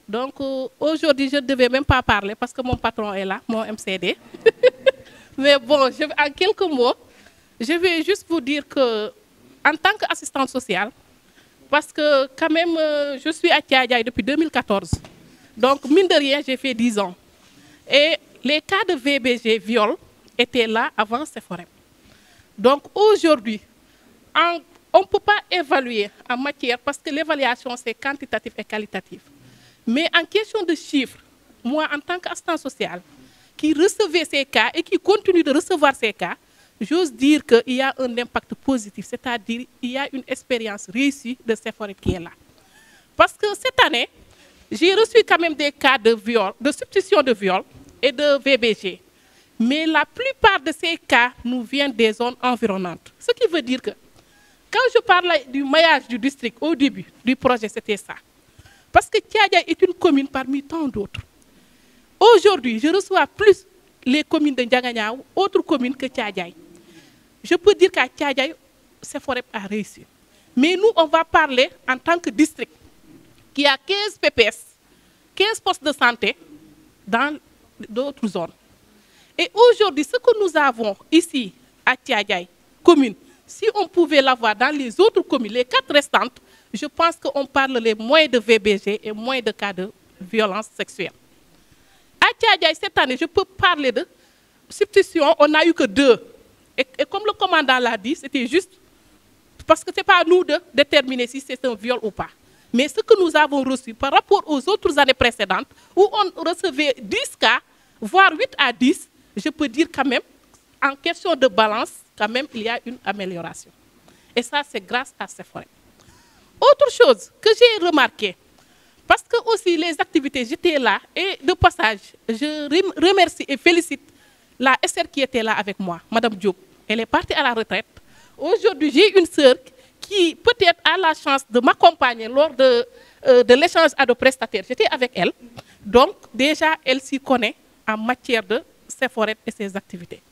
Donc euh, aujourd'hui, je ne devais même pas parler parce que mon patron est là, mon MCD. Mais bon, en quelques mots, je vais juste vous dire que en tant qu'assistante sociale, parce que quand même, euh, je suis à Tiadjaï depuis 2014. Donc, mine de rien, j'ai fait 10 ans. Et les cas de VBG viol étaient là avant ces forêts. Donc aujourd'hui, on ne peut pas évaluer en matière, parce que l'évaluation c'est quantitatif et qualitatif. Mais en question de chiffres, moi en tant qu'instant social, qui recevait ces cas et qui continue de recevoir ces cas, j'ose dire qu'il y a un impact positif, c'est-à-dire qu'il y a une expérience réussie de ces forêts qui est là. Parce que cette année, j'ai reçu quand même des cas de viol, de substitution de viol et de VBG mais la plupart de ces cas nous viennent des zones environnantes. Ce qui veut dire que quand je parlais du maillage du district au début du projet, c'était ça. Parce que tiajay est une commune parmi tant d'autres. Aujourd'hui, je reçois plus les communes de ou autres communes que tiajay Je peux dire qu'à ces forêts a réussi. Mais nous, on va parler en tant que district qui a 15 PPS, 15 postes de santé dans d'autres zones. Et aujourd'hui, ce que nous avons ici à Tiagaï, commune, si on pouvait l'avoir dans les autres communes, les quatre restantes, je pense qu'on parle les moins de VBG et moins de cas de violence sexuelle. À Tiagaï, cette année, je peux parler de substitution, on n'a eu que deux. Et, et comme le commandant l'a dit, c'était juste parce que ce n'est pas à nous de déterminer si c'est un viol ou pas. Mais ce que nous avons reçu par rapport aux autres années précédentes, où on recevait 10 cas, voire 8 à 10, je peux dire quand même, en question de balance, quand même, il y a une amélioration. Et ça, c'est grâce à ces forêts. Autre chose que j'ai remarqué, parce que aussi les activités, j'étais là, et de passage, je remercie et félicite la SR qui était là avec moi, Madame Diop. Elle est partie à la retraite. Aujourd'hui, j'ai une sœur qui peut-être a la chance de m'accompagner lors de, euh, de l'échange à de prestataires. J'étais avec elle. Donc, déjà, elle s'y connaît en matière de ses forêts et ses activités.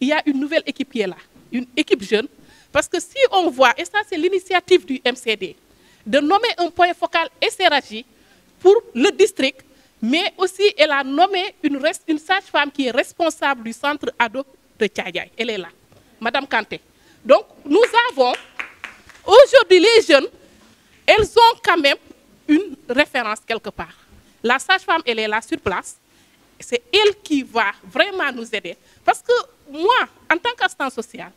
Il y a une nouvelle équipe qui est là, une équipe jeune, parce que si on voit, et ça c'est l'initiative du MCD, de nommer un point focal SRJ pour le district, mais aussi elle a nommé une, une sage-femme qui est responsable du centre ado de Tchadiaï. Elle est là, Madame Kanté. Donc nous avons aujourd'hui les jeunes, elles ont quand même une référence quelque part. La sage-femme, elle est là sur place. C'est elle qui va vraiment nous aider. Parce que moi, en tant qu'assistant social,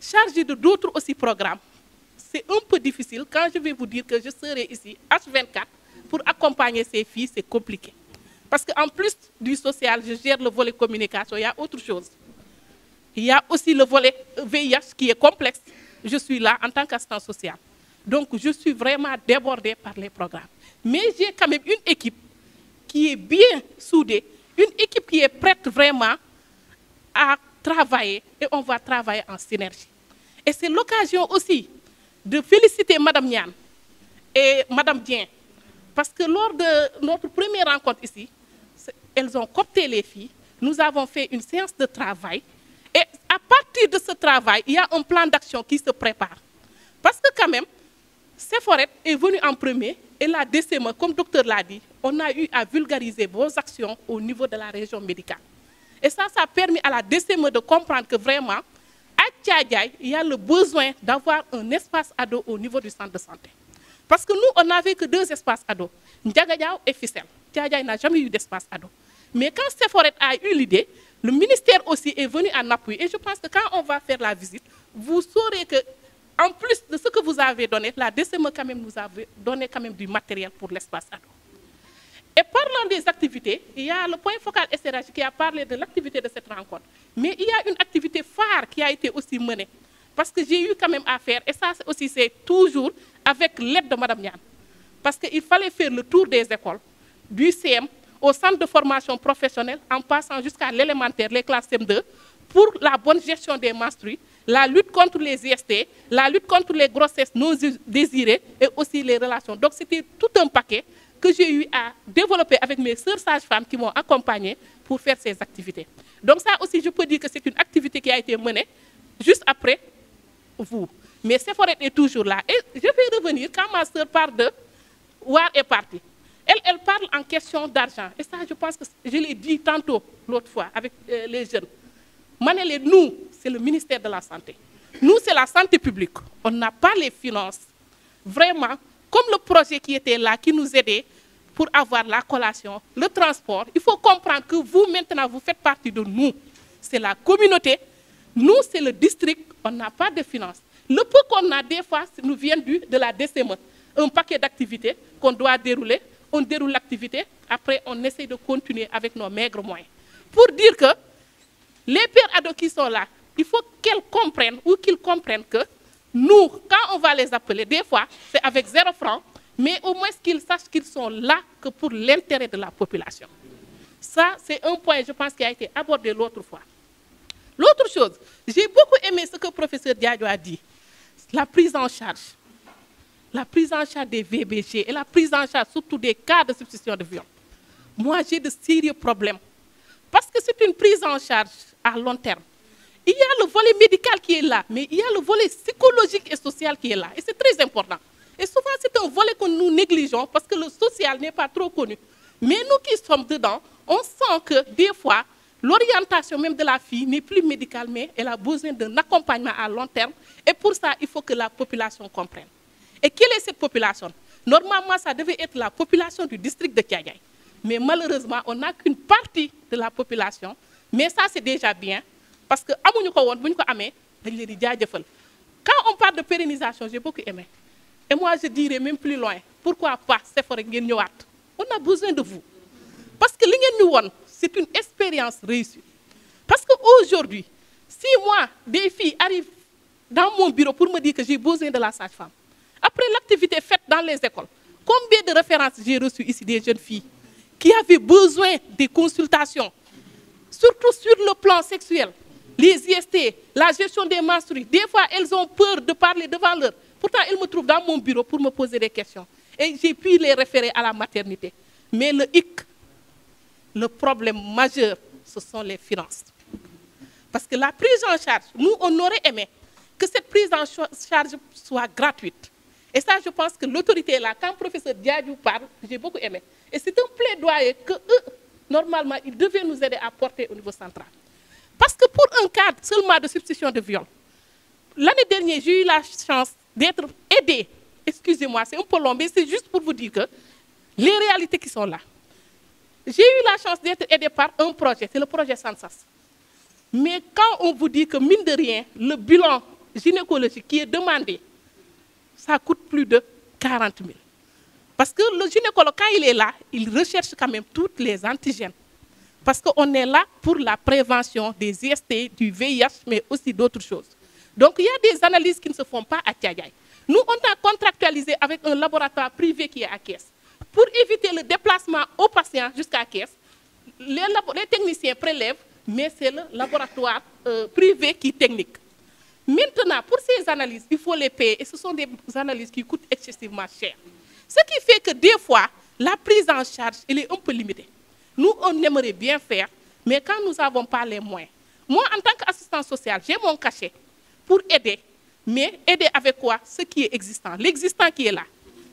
chargé de d'autres aussi programmes, c'est un peu difficile. Quand je vais vous dire que je serai ici H24 pour accompagner ces filles, c'est compliqué. Parce qu'en plus du social, je gère le volet communication, il y a autre chose. Il y a aussi le volet VIH qui est complexe. Je suis là en tant qu'assistant social. Donc, je suis vraiment débordée par les programmes. Mais j'ai quand même une équipe qui est bien soudée, une équipe qui est prête vraiment à travailler et on va travailler en synergie. Et c'est l'occasion aussi de féliciter Madame Nian et Madame Dien parce que lors de notre première rencontre ici, elles ont copté les filles, nous avons fait une séance de travail et à partir de ce travail, il y a un plan d'action qui se prépare. Parce que quand même, Sephoret est venu en premier et la DCME, comme le docteur l'a dit, on a eu à vulgariser vos actions au niveau de la région médicale. Et ça, ça a permis à la DCME de comprendre que vraiment, à Tchadiaï, il y a le besoin d'avoir un espace ado au niveau du centre de santé. Parce que nous, on n'avait que deux espaces ado. Ndiagadiao et Ficel. Tchadiaï n'a jamais eu d'espace ado. Mais quand Sephoret a eu l'idée, le ministère aussi est venu en appui. Et je pense que quand on va faire la visite, vous saurez que en plus de ce que vous avez donné, la DCME quand même nous a donné quand même du matériel pour l'espace ado. Et parlant des activités, il y a le point focal SRH qui a parlé de l'activité de cette rencontre. Mais il y a une activité phare qui a été aussi menée. Parce que j'ai eu quand même à faire, et ça aussi c'est toujours avec l'aide de Mme Yann. Parce qu'il fallait faire le tour des écoles, du CM au centre de formation professionnelle, en passant jusqu'à l'élémentaire, les classes CM2, pour la bonne gestion des menstrues, la lutte contre les IST, la lutte contre les grossesses non désirées et aussi les relations. Donc c'était tout un paquet que j'ai eu à développer avec mes sœurs sages-femmes qui m'ont accompagnée pour faire ces activités. Donc ça aussi, je peux dire que c'est une activité qui a été menée juste après vous. Mais Sephoret est toujours là. Et je vais revenir quand ma sœur parle de War est partie. Elle, parle en question d'argent. Et ça, je pense que je l'ai dit tantôt, l'autre fois, avec euh, les jeunes nous c'est le ministère de la santé nous c'est la santé publique on n'a pas les finances vraiment comme le projet qui était là qui nous aidait pour avoir la collation le transport il faut comprendre que vous maintenant vous faites partie de nous c'est la communauté nous c'est le district on n'a pas de finances le peu qu'on a des fois nous vient du de la DCME un paquet d'activités qu'on doit dérouler on déroule l'activité après on essaie de continuer avec nos maigres moyens pour dire que les pères ados qui sont là, il faut qu'elles comprennent ou qu'ils comprennent que nous, quand on va les appeler, des fois, c'est avec zéro franc, mais au moins qu'ils sachent qu'ils sont là que pour l'intérêt de la population. Ça, c'est un point, je pense, qui a été abordé l'autre fois. L'autre chose, j'ai beaucoup aimé ce que le professeur Diadio a dit, la prise en charge. La prise en charge des VBG et la prise en charge surtout des cas de substitution de viol. Moi, j'ai de sérieux problèmes. Parce que c'est une prise en charge à long terme. Il y a le volet médical qui est là, mais il y a le volet psychologique et social qui est là. Et c'est très important. Et souvent, c'est un volet que nous négligeons parce que le social n'est pas trop connu. Mais nous qui sommes dedans, on sent que des fois, l'orientation même de la fille n'est plus médicale, mais elle a besoin d'un accompagnement à long terme. Et pour ça, il faut que la population comprenne. Et quelle est cette population Normalement, ça devait être la population du district de Kiagaï. Mais malheureusement, on n'a qu'une partie de la population mais ça c'est déjà bien parce que quand on parle de pérennisation j'ai beaucoup aimé et moi je dirais même plus loin pourquoi pas c'est on a besoin de vous parce que li c'est une expérience réussie parce qu'aujourd'hui, si moi des filles arrivent dans mon bureau pour me dire que j'ai besoin de la sage-femme après l'activité faite dans les écoles combien de références j'ai reçues ici des jeunes filles qui avaient besoin des consultations surtout sur le plan sexuel. Les IST, la gestion des menstrues, des fois elles ont peur de parler devant l'heure. Pourtant, elles me trouvent dans mon bureau pour me poser des questions. Et j'ai pu les référer à la maternité. Mais le hic, le problème majeur, ce sont les finances. Parce que la prise en charge, nous, on aurait aimé que cette prise en charge soit gratuite. Et ça, je pense que l'autorité là, quand le professeur Diadou parle, j'ai beaucoup aimé. Et c'est un plaidoyer que eux, normalement, il devait nous aider à porter au niveau central. Parce que pour un cadre seulement de substitution de viol, l'année dernière, j'ai eu la chance d'être aidé. Excusez-moi, c'est un peu long, mais c'est juste pour vous dire que les réalités qui sont là. J'ai eu la chance d'être aidé par un projet, c'est le projet Sansas. Mais quand on vous dit que, mine de rien, le bilan gynécologique qui est demandé, ça coûte plus de 40 000. Parce que le gynécologue, quand il est là, il recherche quand même toutes les antigènes. Parce qu'on est là pour la prévention des IST, du VIH, mais aussi d'autres choses. Donc il y a des analyses qui ne se font pas à Tiagaï. Nous, on a contractualisé avec un laboratoire privé qui est à Caisse. Pour éviter le déplacement aux patients jusqu'à Caisse, les, techniciens prélèvent, mais c'est le laboratoire euh, privé qui technique. Maintenant, pour ces analyses, il faut les payer. Et ce sont des analyses qui coûtent excessivement cher. Ce qui fait que des fois, la prise en charge, elle est un peu limitée. Nous, on aimerait bien faire, mais quand nous n'avons pas les moyens. Moi, en tant qu'assistant social, j'ai mon cachet pour aider, mais aider avec quoi Ce qui est existant. L'existant qui est là,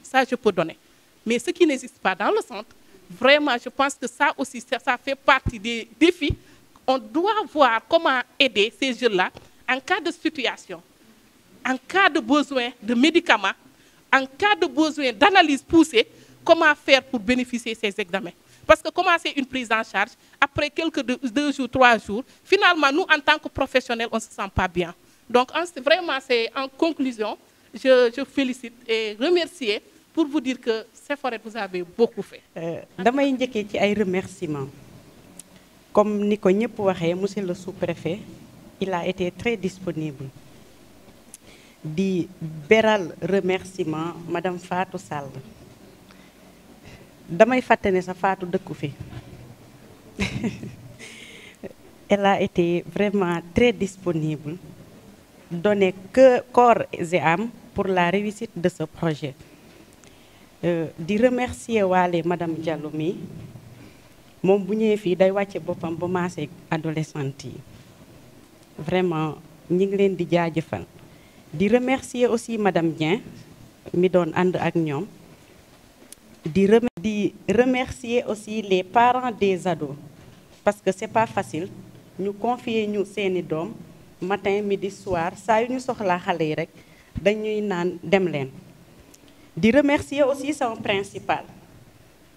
ça, je peux donner. Mais ce qui n'existe pas dans le centre, vraiment, je pense que ça aussi, ça, ça fait partie des défis. On doit voir comment aider ces jeunes-là en cas de situation, en cas de besoin de médicaments, en cas de besoin d'analyse poussée, comment faire pour bénéficier de ces examens. Parce que commencer une prise en charge, après quelques deux, jours, trois jours, finalement, nous, en tant que professionnels, on ne se sent pas bien. Donc, vraiment, c'est en conclusion, je, félicite et remercie pour vous dire que forêts vous avez beaucoup fait. Euh, je un remerciement. Comme Nico Nyepouare, monsieur le sous-préfet, il a été très disponible di beral remerciement madame Fatou Sall damay fàtte sa Fatou fi elle a été vraiment très disponible donné que corps et âme pour la réussite de ce projet euh, di remercier walé madame Diallo mi a bu ñëwee fi day wacce bopam bu adolescente vraiment ñi ngi leen di di remercier aussi madame Bien, mi doon and ak ñom remercier aussi les parents des ados parce que c'est pas facile ñu confier ñu seeni dom. matin midi soir ça, nous ñu soxla xalé yi rek dañuy naan dem di remercier aussi son principal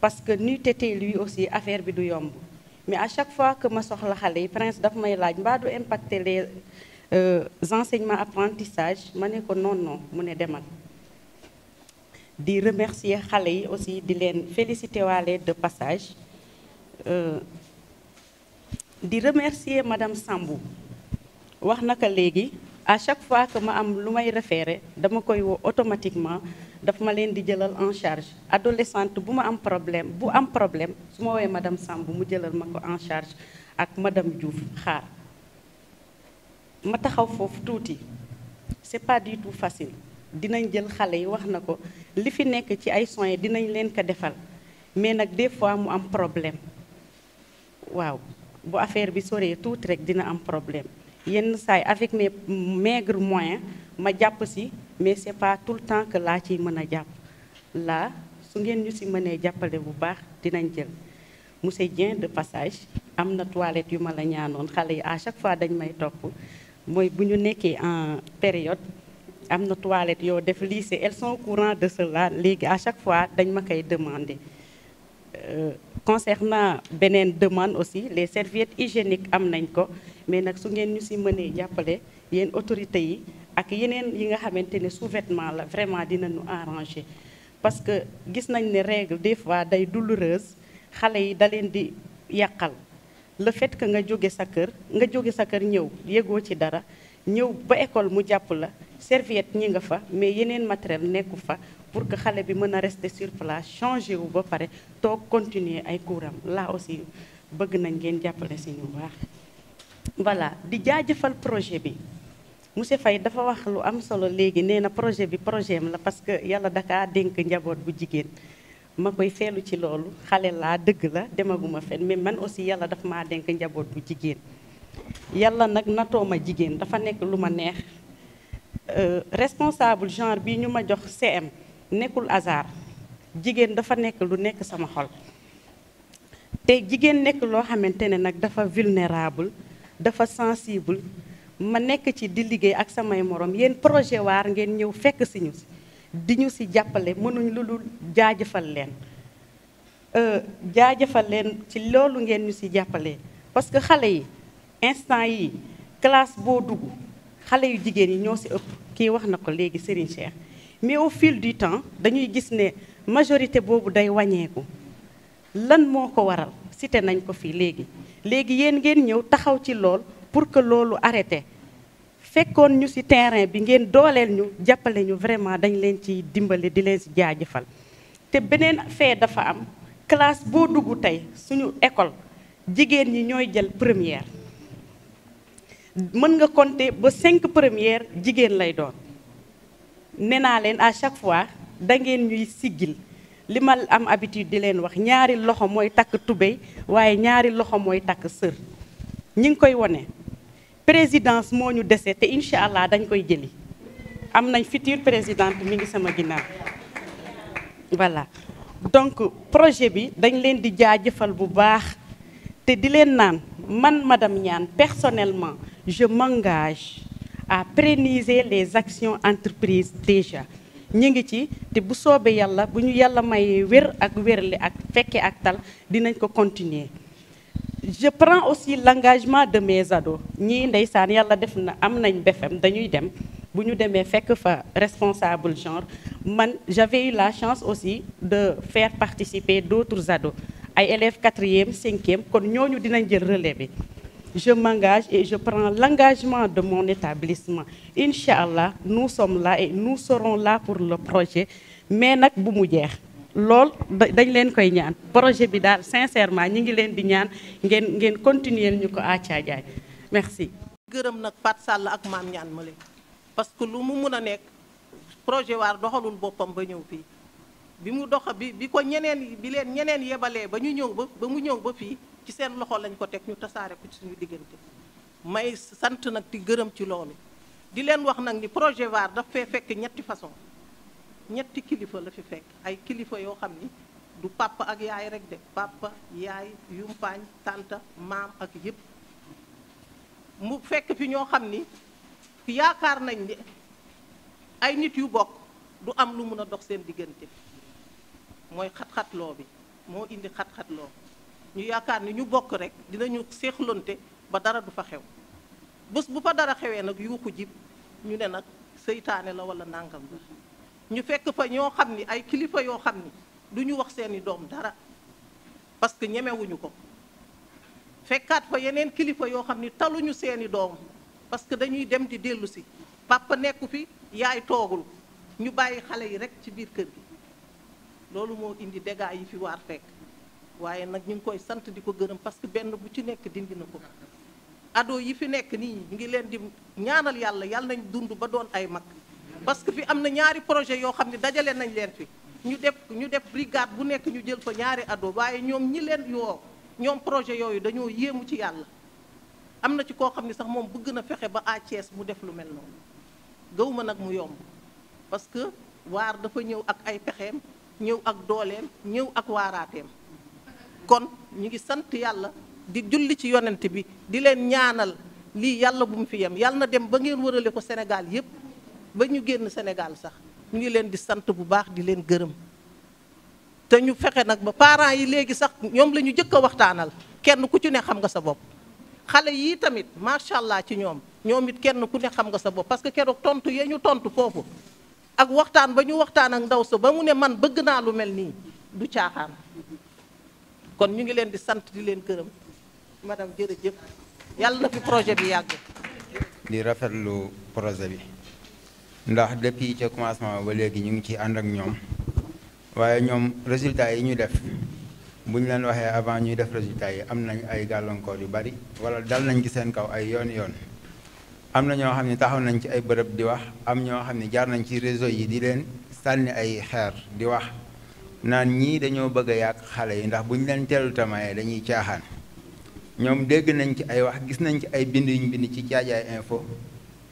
parce que nous, tété lui aussi affaire bi du yomb mais à chaque fois que ma soxla xalé le prince daf may laaj mba du impacter les euh, enseignement apprentissage ma ne ko non non je ne demal di remercier xale yi aussi di les féliciter de passage euh, di remercier madame Sambou wax naka léegi à chaque fois que ma am lu référé dama koy automatiquement daf ma len di jëlal en charge adolescente bu ma am problème bu am problème suma ma madame Sambou mu jëlal ma en charge ak madame Diouf xaar ma taxaw fofu tuuti c'est pas du tout facile dinañ jël xale yi wax na ko li fi nekk ci ay soins dinañ leen ko defal mais nag des fois mu am problème waaw bu affaire bi soree tuuti rek dina am problème yenn saay avec mes maigres moyens ma jàpp si mais c'est pas tout le temps que laa ciy mën a jàpp laa su ngeen ñu si mënee jàppale bu baax dinañ jël monsieur Dieng de passage am na toilette yu ma la ñaanoon xale yi à chaque fois dañ may topp moy buñu ñu en période amna na toilette toilettes, def lycée elles sont au courant de cela légui à chaque fois dañ ma kay demander euh, concernant benen demande aussi les serviettes hygiéniques am nañ ko mais nak su ngeen ñu ci mënee jàppale yeen autorités yi ak yeneen yi nga les sous-vêtement la vraiment dina nous arranger parce que gis nañ ne règle des fois day douloureuse xalé yi dalen di yakal le fait que nga avons sa kër nga jóge sa kër ñew ci dara ba la serviette ñi fa mais yeneen matériel fa pour que xalé bi rester sur place changer wu ba pare tok continuer ay couram là aussi bëgg nañ ngeen jappalé ci voilà di projet bi monsieur dafa wax lu am solo projet la parce que yalla dakaa denk bu ma koy feelu ci loolu xale laa dëgg la demaguma fen mais man aussi yàlla dafa maa denk njaboot bu jigéen yàlla nag natoo ma jigéen dafa nekk lu ma neex euh, responsable genre bi ñu ma jox CM nekkul hasard jigéen dafa nekk lu nekk sama xol te jigéen nekk loo xamante ne nag dafa vulnérable dafa sensible ma nekk ci di liggéey ak samay morom yéen projet waar ngeen ñëw fekk si ñu si di ñu si jàppale mënuñ lu dul jaajëfal leen euh, jaajëfal leen ci loolu ngeen ñu si jàppale parce que xale yi instant yi classe boo dugg xale yu jigéen yi ñoo si ëpp kii wax na ko léegi Serigne Cheikh mais au fille du temps dañuy gis ne majorité boobu day wàññeeku lan moo ko waral cité nañ ko fii léegi léegi yéen ngeen ñëw taxaw ci lool pour que loolu arrêté fekkoon ñu ci terrain bi ngeen dooleel ñu jàppale ñu vraiment dañ leen ci dimbali di leen ci jaajëfal te beneen fee dafa am classe boo dugg tey suñu école jigéen ñi ñooy jël première mën nga konte ba cinq première jigéen lay doon nee naa leen à chaque fois da ngeen ñuy siggil li ma am habitude di leen wax ñaari loxo mooy takk tubéy waaye ñaari loxo mooy takk sër ñi ngi koy wone présidence moo ñu dese te incha dañ koy jëli am nañ future présidente mi ngi sama ginnaaw voilà donc projet bi dañ leen di jaajëfal bu baax té di leen naan man madame Niane personnellement je m'engage à préniser les actions entreprises déjà ñi ngi ci té bu soobé yalla, bu ñu yàlla mayee wér ak wérle ak féké ak tal dinañ ko continuer je prends aussi l'engagement de mes ados Nous, dañuy dem genre j'avais eu la chance aussi de faire participer d'autres ados ay élèves 4e, kon e dinañ jël relais bi je m'engage et je prends l'engagement de mon établissement Inch'Allah, nous sommes là et nous serons là pour le projet mais nak bu mu lool dañ leen koy ñaan projet bi daal sincèrement ñi ngi leen di ñaan ngeen ngeen continuer ñu ko à Thiadiaye merci. gërëm nag Fat Sall ak maam ñaan ma parce que lu mu mun a nekk projet waar doxalul boppam ba ñëw fii bi mu dox bi bi ko ñeneen bi leen ñeneen yebalee ba ñu ñëw ba ba mu ñëw ba fii ci seen loxo lañ ko teg ñu tasaare ko ci suñu diggante may sant nag di gërëm ci loolu di leen wax nag ni projet waar daf fee fekk ñetti façon. ñetti kilifa la fi fekk ay kilifa yoo xam ni du papa ak yaay rek de papa yaay yumpaañ tànta maam ak yëpp mu fekk fi ñoo xam ni yaakaar nañ ne ay nit yu bokk du am lu mun a dox seen diggante mooy xat-xatloo bi moo indi xat-xatloo ñu yaakaar ni ñu bokk rek dinañu seexlonte ba dara du fa xew bés bu fa dara xewee nag yuuxu jib ñu ne nag seytaane la walla nàngam la ñu fekk fa ñoo xam ni ay kilifa yoo xam ni du ñu wax seeni doom dara parce que ñemewuñu ko fekkaat fa yeneen kilifa yoo xam ni taluñu seeni doom parce que dañuy dem di dellu si papa nekku fi yaay toogul ñu bàyyi xale yi rek ci biir kër gi loolu moo indi dégâts yi fi waar fekk waaye nag ñu ngi koy sant di ko gërëm parce que benn bu ci nekk dindi na ko adoo yi fi nekk nii ñu ngi leen di ñaanal yàlla yàlla nañ dund ba doon ay mag parce que fi am na ñaari projet yoo xam ne dajale nañ leen fi ñu def ñu def brigade bu nekk ñu jël fa ñaari ado waaye ñoom ñi leen yoo ñoom projet yooyu dañoo yéemu ci yàlla am na ci koo xam ne sax moom bëgg na fexe ba à Thiès mu def lu mel noonu gaw ma nag mu yomb parce que waar dafa ñëw ak ay pexeem ñëw ak dooleem ñëw ak waaraateem kon ñu ngi sant yàlla di julli ci yonent bi di leen ñaanal lii yàlla bu mu fi yem yàlla na dem ba ngeen wërale ko Sénégal yépp ba ñu génn Sénégal sax ñu ngi leen di sant bu baax di leen gërëm te ñu fexe nag ba parents yi léegi sax ñoom la ñu jëkk a waxtaanal kenn ku ci ne xam nga sa bopp xale yii tamit macha allah ci ñoom ñoom it kenn ku ne xam nga sa bopp parce que keroog tontu yee ñu tontu foofu ak waxtaan ba ñu waxtaan ak ndaw sa ba mu ne man bëgg naa lu mel nii du caaxaan kon ñu ngi leen di sant di leen gërëm madame jërëjëf yàlla na fi projet bi yàgg. di rafetlu projet bi. ndax depuis ca commencement ba léegi ñu ngi ci ànd ak ñoom waaye ñoom résultat yi ñu def bu ñu leen waxee avant ñuy def résultat yi am nañ ay gàllankoor yu bari wala dal nañ ci seen kaw ay yoon yoon am na ñoo xam ne taxaw nañu ci ay bërëb di wax am ñoo xam ne jaar nañu ci réseau yi di leen sànni ay xeer di wax naan ñii dañoo bëgg a yàq xale yi ndax bu ñu leen teelu tamaye dañuy caaxaan ñoom dégg nañ ci ay wax gis nañ ci ay bind yuñ bind ci caajaay info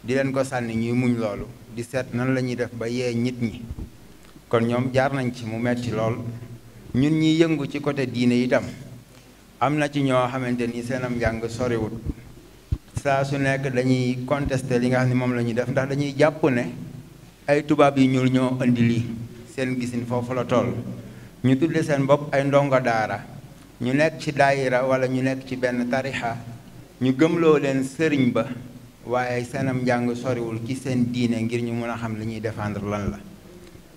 di leen ko sànni ñuy loolu di seet nan la ñuy def ba yee nit ñi kon ñoom jaar nañ ci mu metti lool ñun ñiy yëngu ci côté diine itam am na ci ñoo xamante ni seenam njàng soriwut saa su nekk dañuy contester li nga xam ne moom la ñuy def ndax dañuy jàpp ne ay tubaab yu ñuul ñoo indi lii seen gisin foofu la toll ñu tudde seen bopp ay ndongo daara ñu nekk ci daayira wala ñu nekk ci benn tarixa ñu gëmloo leen sëriñ ba waaye seenam njàng soriwul ci seen diine ngir ñu mën a xam li ñuy défendre lan la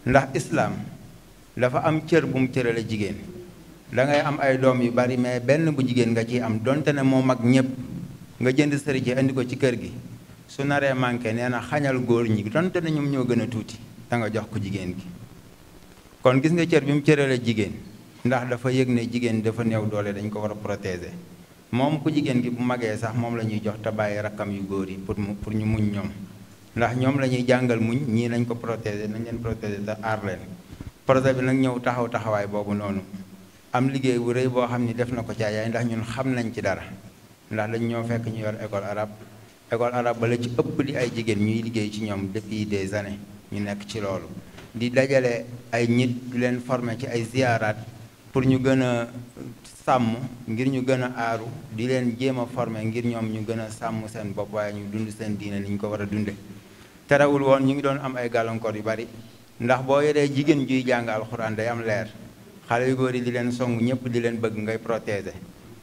ndax islaam dafa am cër bu mu la jigéen dangay am ay doom yu bari mais benn bu jigéen nga ciy am donte ne moo mag ñépp nga jënd sëri ji indi ko ci kër gi su naree manqué nee na xañal góor ñi donte ne ñoom ñoo gën a tuuti da nga jox ko jigéen gi kon gis nga cër bi mu la jigéen ndax dafa yëg ne jigéen dafa néew doole dañ ko war a protéger moom ku jigéen gi bu magee sax moom la ñuy jox te bàyyi rakkam yu góor yi pour mu pour ñu muñ ñoom ndax ñoom la ñuy jàngal muñ ñii nañ ko protéger nañ leen protéger te aar leen projet bi nag ñëw taxaw taxawaay boobu noonu am liggéey bu rëy boo xam ni def na ko ca yaay ndax ñun xam nañ ci dara ndax dañ ñoo fekk ñu yor école arabe école arabe ba la ci ëpp di ay jigéen ñuy liggéey ci ñoom depuis des années ñu nekk ci loolu di dajale ay nit di leen former ci ay ziyaaraat pour ñu gën sàmm ngir ñu gëna aaru di leen jema formé ngir ñom ñu gëna a seen bop way ñu dund seen ni ko wara dundé dunde terewul woon ñu ngi doon am ay gàllankoor yu bari ndax bo yéré jigen juy jang alcorane day am lèr xalé yu góor yi di leen song ñepp di leen bëgg ngay protéger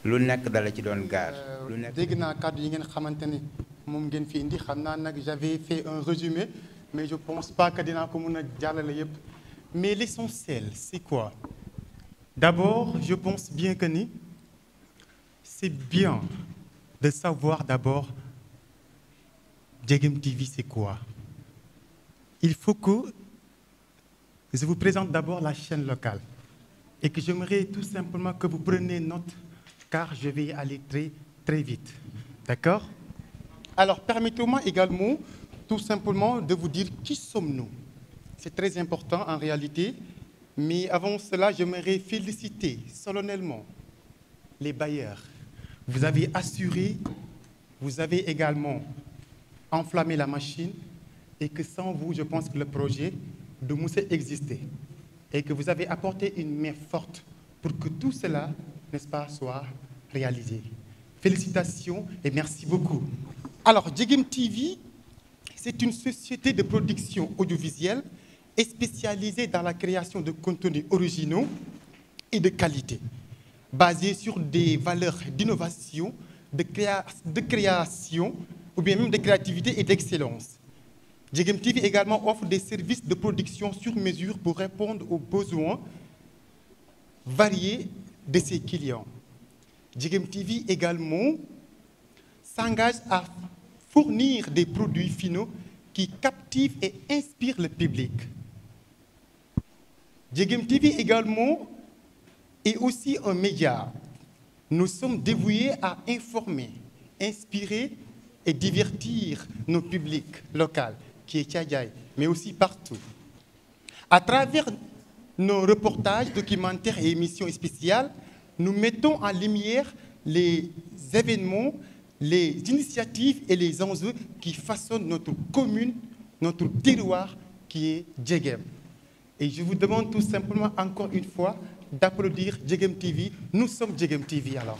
lu nekk dala ci doon gar lu nekk dégg na yi ngeen xamanteni mom ngeen fi indi xamna nak j'avais fait un résumé mais je pense pas que dina ko mëna a yépp mais l'essentiel c'est quoi D'abord, je pense bien que c'est bien de savoir d'abord Djegem TV c'est quoi. Il faut que je vous présente d'abord la chaîne locale et que j'aimerais tout simplement que vous preniez note car je vais aller très très vite. D'accord Alors permettez-moi également tout simplement de vous dire qui sommes-nous. C'est très important en réalité. Mais avant cela, j'aimerais féliciter solennellement les bailleurs. Vous avez assuré, vous avez également enflammé la machine et que sans vous, je pense que le projet de Moussé existait et que vous avez apporté une main forte pour que tout cela, n'est-ce pas, soit réalisé. Félicitations et merci beaucoup. Alors, Jigim TV, c'est une société de production audiovisuelle est spécialisé dans la création de contenus originaux et de qualité, basés sur des valeurs d'innovation, de, création ou bien même de créativité et d'excellence. JGM TV également offre des services de production sur mesure pour répondre aux besoins variés de ses clients. JGM TV également s'engage à fournir des produits finaux qui captivent et inspirent le public. Djegem TV également est aussi un média. Nous sommes dévoués à informer, inspirer et divertir nos publics locaux, qui est Tchadjaï, mais aussi partout. À travers nos reportages, documentaires et émissions spéciales, nous mettons en lumière les événements, les initiatives et les enjeux qui façonnent notre commune, notre terroir qui est Djegem. Et je vous demande tout simplement encore une fois d'applaudir JGM TV. Nous sommes JGM TV alors.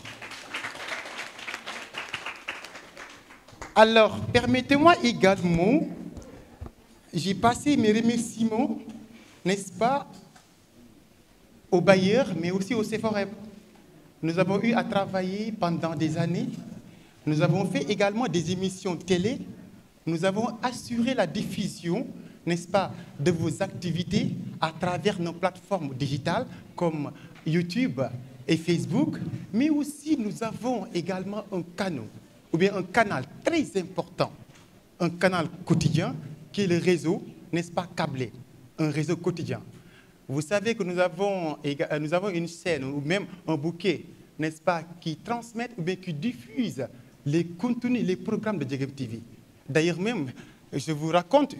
Alors, permettez-moi également, j'ai passé mes remerciements, n'est-ce pas, aux bailleurs, mais aussi aux m Nous avons eu à travailler pendant des années. Nous avons fait également des émissions télé. Nous avons assuré la diffusion n'est-ce pas, de vos activités à travers nos plateformes digitales comme YouTube et Facebook, mais aussi nous avons également un canal, ou bien un canal très important, un canal quotidien qui est le réseau, n'est-ce pas, câblé, un réseau quotidien. Vous savez que nous avons, euh, une scène ou même un bouquet, n'est-ce pas, qui transmet ou bien qui diffuse les contenus, les programmes de Diagam TV. D'ailleurs même, je vous raconte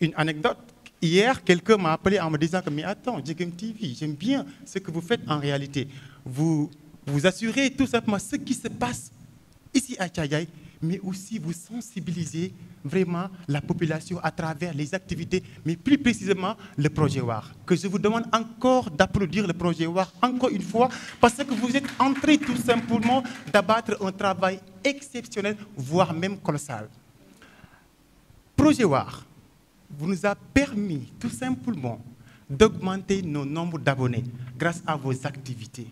une anecdote. Hier, quelqu'un m'a appelé en me disant que, mais attends, JGM TV, j'aime bien ce que vous faites en réalité. Vous vous assurez tout simplement ce qui se passe ici à Tchayaï, mais aussi vous sensibilisez vraiment la population à travers les activités, mais plus précisément le projet WAR. Que je vous demande encore d'applaudir le projet WAR encore une fois, parce que vous êtes entré tout simplement d'abattre un travail exceptionnel, voire même colossal. Projet WAR, vous nous a permis tout simplement d'augmenter nos nombres d'abonnés grâce à vos activités.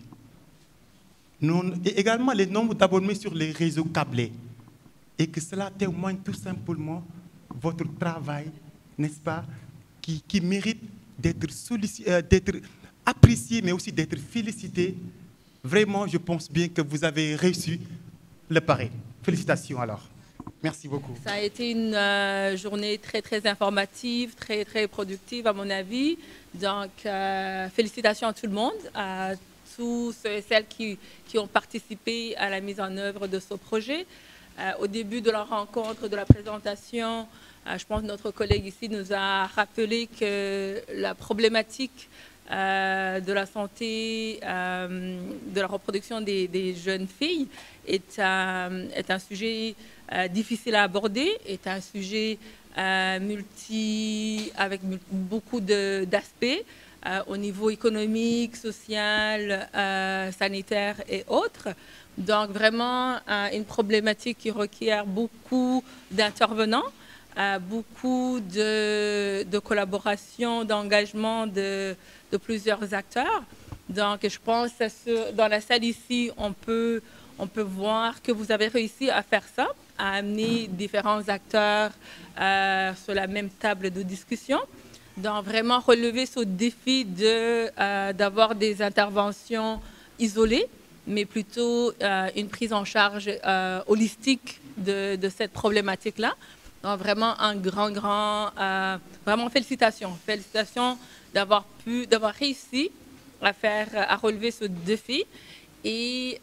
et également les nombres d'abonnés sur les réseaux câblés. Et que cela témoigne tout simplement votre travail, n'est-ce pas, qui, mérite euh, d'être apprécié, mais aussi d'être félicité. Vraiment, je pense bien que vous avez reçu le pari. Félicitations alors. Merci beaucoup. Ça a été une euh, journée très, très informative, très, très productive, à mon avis. Donc, euh, félicitations à tout le monde, à tous ceux et celles qui, qui ont participé à la mise en œuvre de ce projet. Euh, au début de la rencontre, de la présentation, je pense que notre collègue ici nous a rappelé que la problématique de la santé, de la reproduction des, des jeunes filles est un, est un sujet euh, difficile à aborder est un sujet euh, multi, avec beaucoup d'aspects euh, au niveau économique, social, sanitaire et autres. Donc vraiment une problématique qui requiert beaucoup d'intervenants, beaucoup de, de collaboration, d'engagement de, de plusieurs acteurs. Donc, je pense que dans la salle ici, on peut, on peut voir que vous avez réussi à faire ça à amener différents acteurs euh, sur la même table de discussion, donc vraiment relever ce défi d'avoir de, euh, d'avoir des interventions isolées, mais plutôt euh, une prise en charge holistique de, de cette problématique-là. Donc vraiment un grand, grand, vraiment félicitations, félicitations d'avoir pu, d'avoir réussi à faire, à relever ce défi et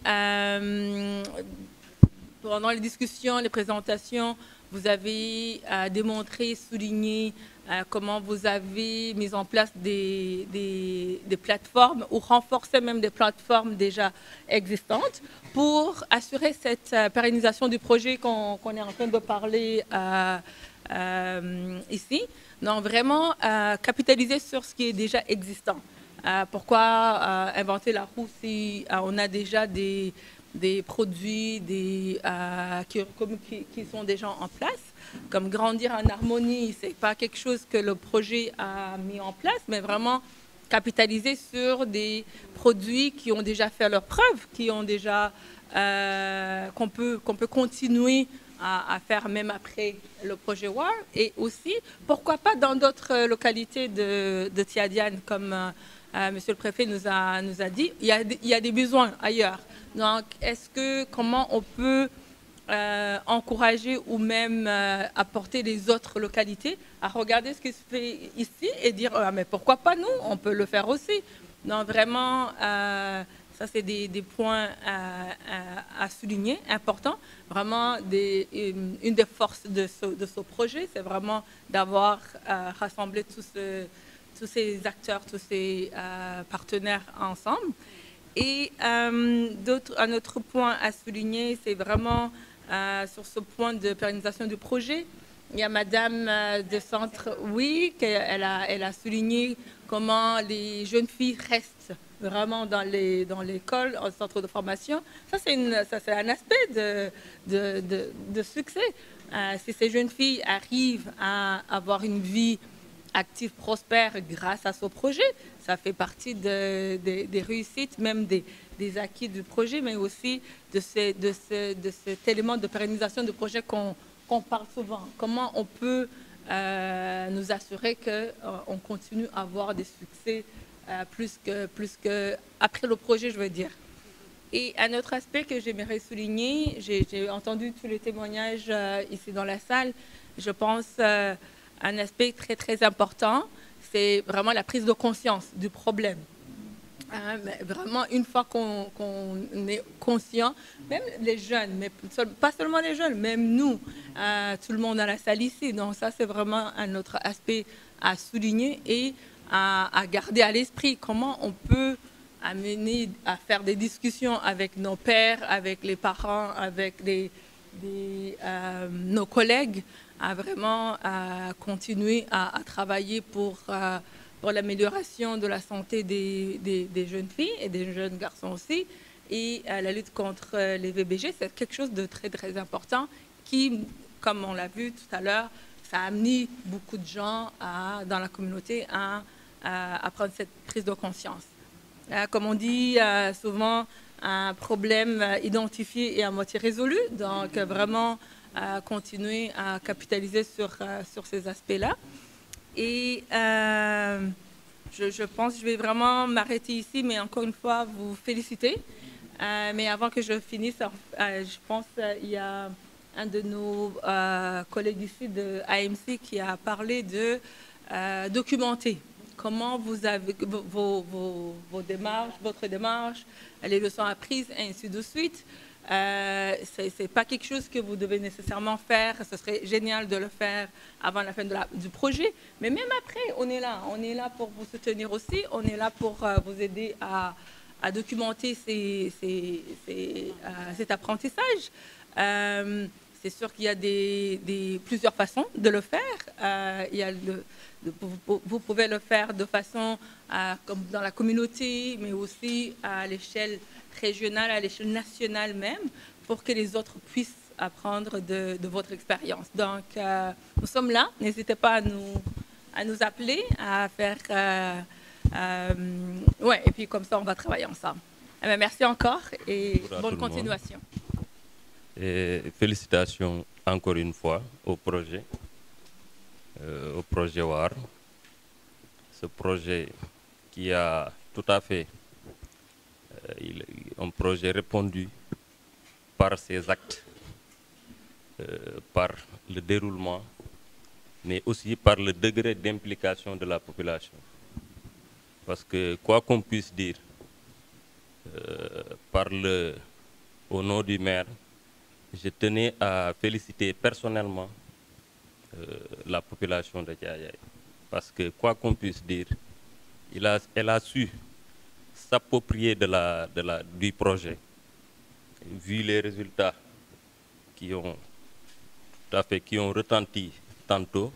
pendant les discussions, les présentations, vous avez euh, démontré, souligné euh, comment vous avez mis en place des, plateformes ou renforcé même des plateformes déjà existantes pour assurer cette euh, pérennisation du projet qu'on est en train de parler ici. Donc vraiment capitaliser sur ce qui est déjà existant. pourquoi inventer la roue si on a déjà des des produits des, euh, qui, sont déjà en place. Comme grandir en harmonie, ce n'est pas quelque chose que le projet a mis en place, mais vraiment capitaliser sur des produits qui ont déjà fait leurs preuves, qui ont déjà euh, qu'on peut, qu'on peut continuer à, faire même après le projet WAR et aussi pourquoi pas dans d'autres localités de, de Tiadiane comme euh, euh, monsieur le Préfet nous a, nous a dit, il y a, il y a des besoins ailleurs. Donc, est-ce que, comment on peut euh, encourager ou même euh, apporter les autres localités à regarder ce qui se fait ici et dire, ah, mais pourquoi pas nous, on peut le faire aussi. Donc, vraiment, ça, c'est des, des, points à, à, souligner, importants. Vraiment, des, une, des forces de ce, de ce projet, c'est vraiment d'avoir rassemblé tout ce tous ces acteurs, tous ces euh, partenaires ensemble. Et euh, un autre point à souligner, c'est vraiment euh, sur ce point de pérennisation du projet. Il y a Madame euh, de Centre, oui, qu'elle a, elle a souligné comment les jeunes filles restent vraiment dans les dans l'école, au centre de formation. Ça, c'est une, ça, c'est un aspect de, de, de, de succès. si ces jeunes filles arrivent à avoir une vie active prospère grâce à ce projet. Ça fait partie de, des réussites, même des, acquis du projet, mais aussi de, ces, de, de cet élément de pérennisation du projet qu'on parle souvent. Comment on peut euh, nous assurer qu'on euh, on continue à avoir des succès euh, plus, que, plus que après le projet, je veux dire. Et un autre aspect que j'aimerais souligner, j'ai entendu tous les témoignages ici dans la salle, je pense un aspect très très important, c'est vraiment la prise de conscience du problème. Ah, vraiment, une fois qu'on est conscient, même les jeunes, mais pas seulement les jeunes, même nous, euh, tout le monde à la salle ici. Donc ça, c'est vraiment un autre aspect à souligner et à, garder à l'esprit comment on peut amener à faire des discussions avec nos pères, avec les parents, avec euh, nos collègues à vraiment à continuer à, travailler pour, euh, pour l'amélioration de la santé des, des, jeunes filles et des jeunes garçons aussi. Et euh, la lutte contre euh, les VBG, c'est quelque chose de très, très important qui, comme on l'a vu tout à l'heure, ça a amené beaucoup de gens à, dans la communauté à, à, prendre cette prise de conscience. Comme on dit souvent, un problème identifié et à moitié résolu. Donc, vraiment, à continuer à capitaliser sur, euh, sur ces aspects-là. Et euh, je, je, pense je vais vraiment m'arrêter ici, mais encore une fois, vous féliciter. Euh, mais avant que je finisse, je pense qu'il y a un de nos collègues ici de AMC qui a parlé de documenter comment vous avez vos, vos, vos démarches, votre démarche, les leçons apprises, et ainsi de suite. Euh, ce n'est pas quelque chose que vous devez nécessairement faire. Ce serait génial de le faire avant la fin de du projet. Mais même après, on est là. On est là pour vous soutenir aussi. On est là pour euh, vous aider à, documenter euh, cet apprentissage. Euh, c'est sûr qu'il y a des, plusieurs façons de le faire. il vous, vous, pouvez le faire de façon comme dans la communauté, mais aussi à l'échelle régionale, à l'échelle nationale même, pour que les autres puissent apprendre de, votre expérience. Donc, euh, nous sommes là. N'hésitez pas à nous, à nous appeler, à faire... Euh, euh, ouais, et puis comme ça, on va travailler ensemble. Eh merci encore et bonne continuation. Et félicitations encore une fois au projet, au projet WAR. Ce projet qui a tout à fait euh, il, un projet répondu par ses actes, euh, par le déroulement, mais aussi par le degré d'implication de la population. Parce que quoi qu'on puisse dire, euh, par le, au nom du maire, je tenais à féliciter personnellement la population de Djaïaï. Parce que quoi qu'on puisse dire, il elle a su s'approprier de la, du projet, vu les résultats qui ont, fait, qui ont retenti tantôt,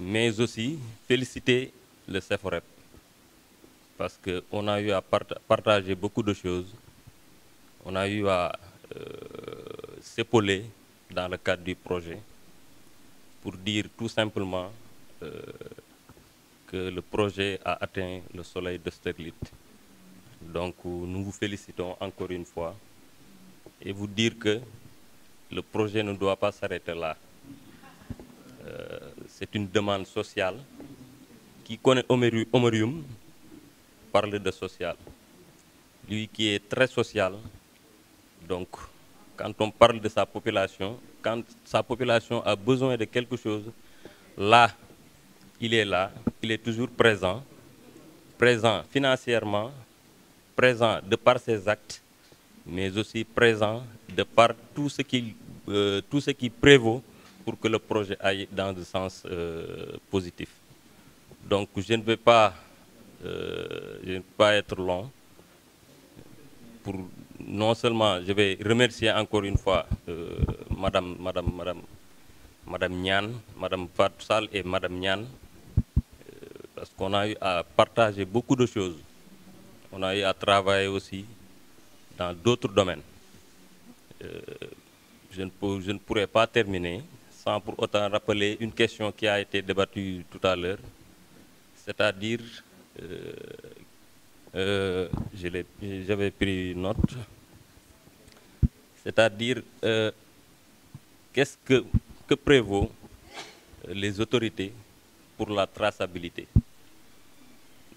mais aussi féliciter le CFREP parce qu'on a eu à partager beaucoup de choses, on a eu à euh, s'épauler dans le cadre du projet pour dire tout simplement euh, que le projet a atteint le soleil de Sterlite. Donc nous vous félicitons encore une fois et vous dire que le projet ne doit pas s'arrêter là. Euh, c'est une demande sociale. Qui connaît Omerium parle de social. Lui qui est très social, donc quand on parle de sa population, quand sa population a besoin de quelque chose, là, il est là, il est toujours présent, présent financièrement, présent de par ses actes, mais aussi présent de par tout ce qui, euh, tout ce qui prévaut pour que le projet aille dans le sens euh, positif. Donc je ne vais pas, euh, ne pas être long. Pour, non seulement je vais remercier encore une fois Madame, Madame, Madame, Madame Nyan, Madame Fatsal et Madame Nyan, parce qu'on a eu à partager beaucoup de choses on a eu à travailler aussi dans d'autres domaines. Euh, je, ne pourrais pas terminer sans pour autant rappeler une question qui a été débattue tout à l'heure, c'est-à-dire, euh, euh, j'avais pris note, c'est-à-dire, qu'est-ce que, que prévaut les autorités pour la traçabilité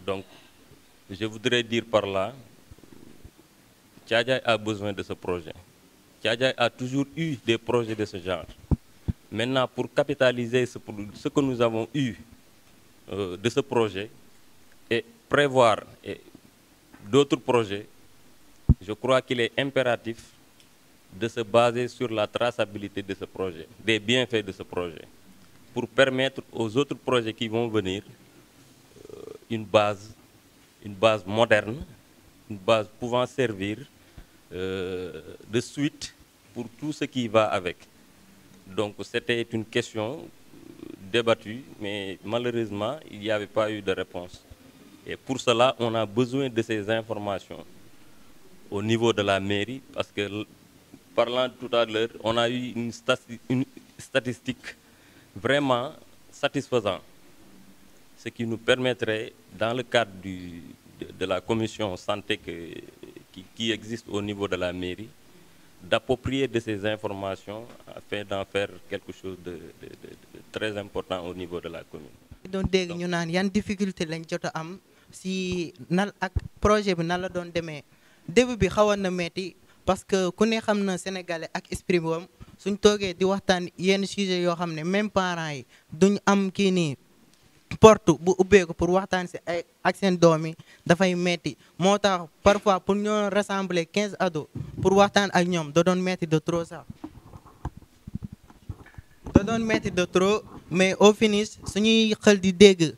Donc, je voudrais dire par là, Tchadjaï a besoin de ce projet. Tchadjaï a toujours eu des projets de ce genre. Maintenant, pour capitaliser ce, que nous avons eu euh, de ce projet et prévoir d'autres projets, je crois qu'il est impératif de se baser sur la traçabilité de ce projet, des bienfaits de ce projet, pour permettre aux autres projets qui vont venir euh, une base une base moderne, une base pouvant servir euh, de suite pour tout ce qui va avec. Donc c'était une question euh, débattue, mais malheureusement, il n'y avait pas eu de réponse. Et pour cela, on a besoin de ces informations au niveau de la mairie, parce que, parlant tout à l'heure, on a eu une statistique vraiment satisfaisante ce qui nous permettrait, dans le cadre du, de, la commission santé qui, qui, existe au niveau de la mairie, d'approprier de ces informations afin d'en faire quelque chose de, très important au niveau de la commune. Donc, Donc nous avons une difficulté si le projet bi nan la doon un début bi na metti parce que ku nous sommes sénégalais ak esprit nous suñ toogee di yenn sujet yoo xam même parents nous duñ am porte bu ubbeeku pour waxtaan si ay ak seen doom yi dafay metti moo tax parfois pour ñoo rassembler quinze ado pour waxtaan ak ñoom da doon metti de trop sax da doon de trop mais au finish suñuy xel di dégg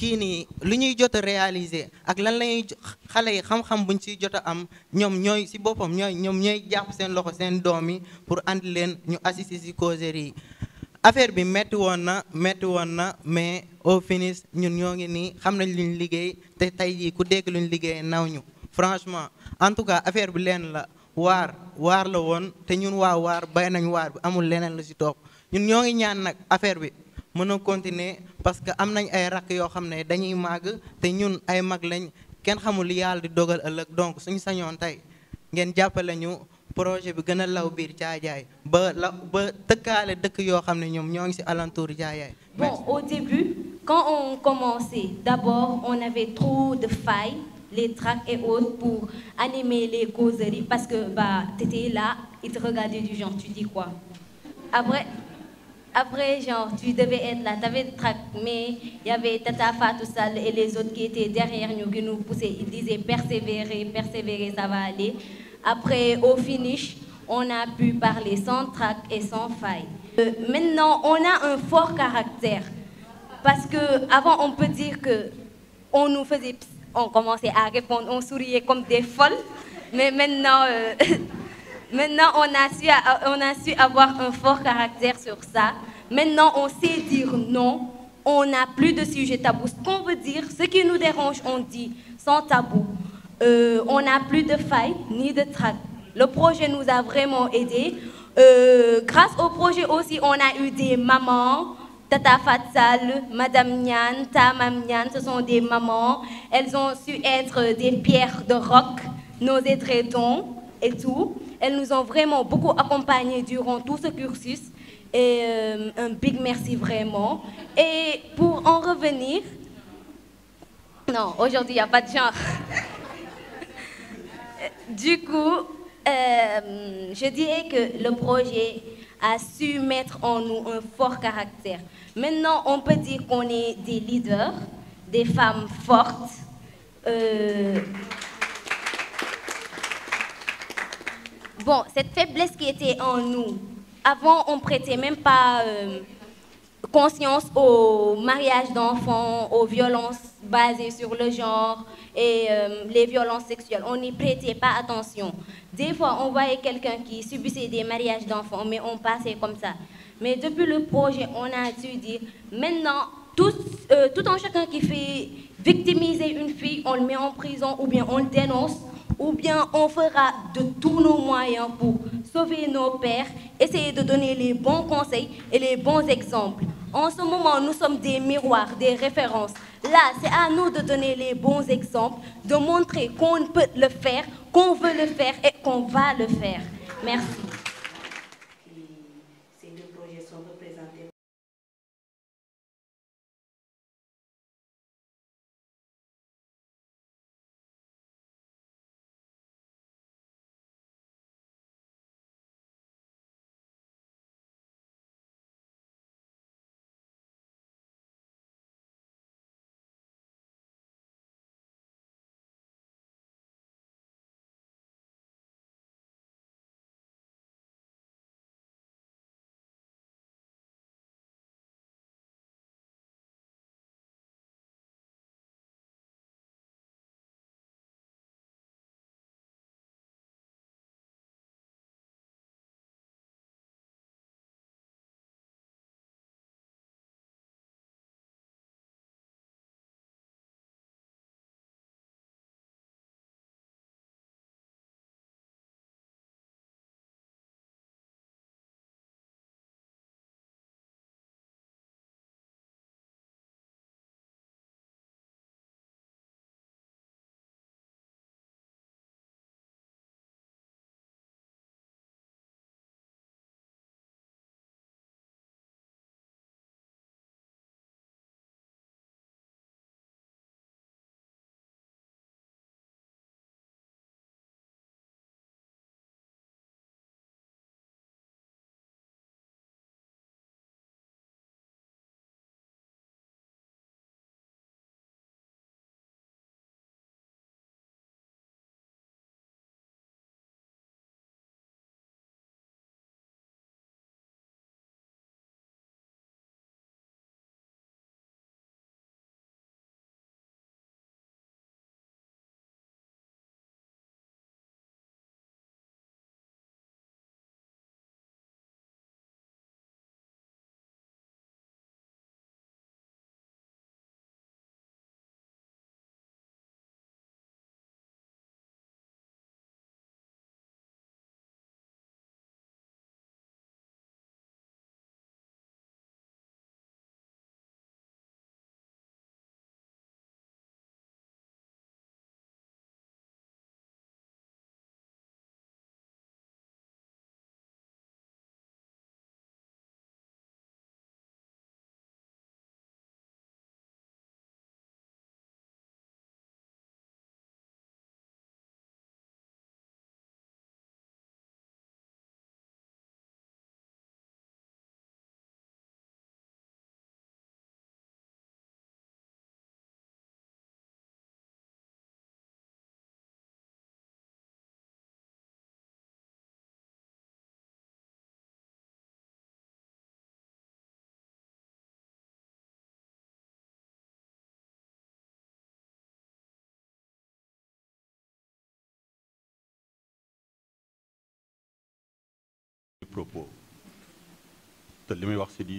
kii nii lu ñuy jot a réaliser ak lan lañuy xale yi xam-xam buñ ci jot am ñoom ñooy si boppam ñooy ñoom ñooy jàpp seen loxo seen doom yi pour and leen ñu assister si causerie yi affaire bi metti woon na metti woon na mais au finish ñun ñoo ngi nii xam nañ luñ liggéey te tey jii ku dégg luñ liggéey naw ñu franchement en tout cas affaire bi leen la waar waar la woon te ñun waa waar bay nañ waar bi amul leneen lu ci toog ñun ñoo ngi ñaan nag affaire bi mën a continuer parce que am nañ ay rakk yoo xam ne dañuy màgg te ñun ay mag lañ kenn xamul yàlla di dogal ëllëg donc suñ sañoon tey ngeen jàppale ñu projet bi ba ba alentour bon au début quand on commençait d'abord on avait trop de failles les tracts et autres pour animer les causeries parce que bah étais là ils te regardaient du genre tu dis quoi après après genre tu devais être là tu avais des tracts mais il y avait Tata Fatou Sall et les autres qui étaient derrière nous qui nous poussaient ils disaient persévérer persévérer ça va aller après, au finish, on a pu parler sans trac et sans faille. Euh, maintenant, on a un fort caractère. Parce que avant, on peut dire que nous faisait, on commençait à répondre, on souriait comme des folles. Mais maintenant, euh, maintenant on, a su, euh, on a su avoir un fort caractère sur ça. Maintenant, on sait dire non. On n'a plus de sujet tabou. Ce qu'on veut dire, ce qui nous dérange, on dit sans tabou. Euh, on n'a plus de failles ni de traces. Le projet nous a vraiment aidés. Euh, grâce au projet aussi, on a eu des mamans, Tata Fatsal, Madame Nyan, Tamam Nyan, ce sont des mamans. Elles ont su être des pierres de roc, nos étretons et tout. Elles nous ont vraiment beaucoup accompagnés durant tout ce cursus. Et euh, un big merci vraiment. Et pour en revenir, non, aujourd'hui il n'y a pas de genre. Du coup, euh, je dirais que le projet a su mettre en nous un fort caractère. Maintenant, on peut dire qu'on est des leaders, des femmes fortes. Euh. Bon, cette faiblesse qui était en nous, avant, on prêtait même pas euh, conscience au mariage d'enfants, aux violences Basé sur le genre et euh, les violences sexuelles. On n'y prêtait pas attention. Des fois, on voyait quelqu'un qui subissait des mariages d'enfants, mais on passait comme ça. Mais depuis le projet, on a dû dire, maintenant, tout, un euh, tout en chacun qui fait victimiser une fille, on le met en prison ou bien on le dénonce ou bien on fera de tous nos moyens pour sauver nos pères, essayer de donner les bons conseils et les bons exemples. En ce moment, nous sommes des miroirs, des références. Là, c'est à nous de donner les bons exemples, de montrer qu'on peut le faire, qu'on veut le faire et qu'on va le faire. Merci.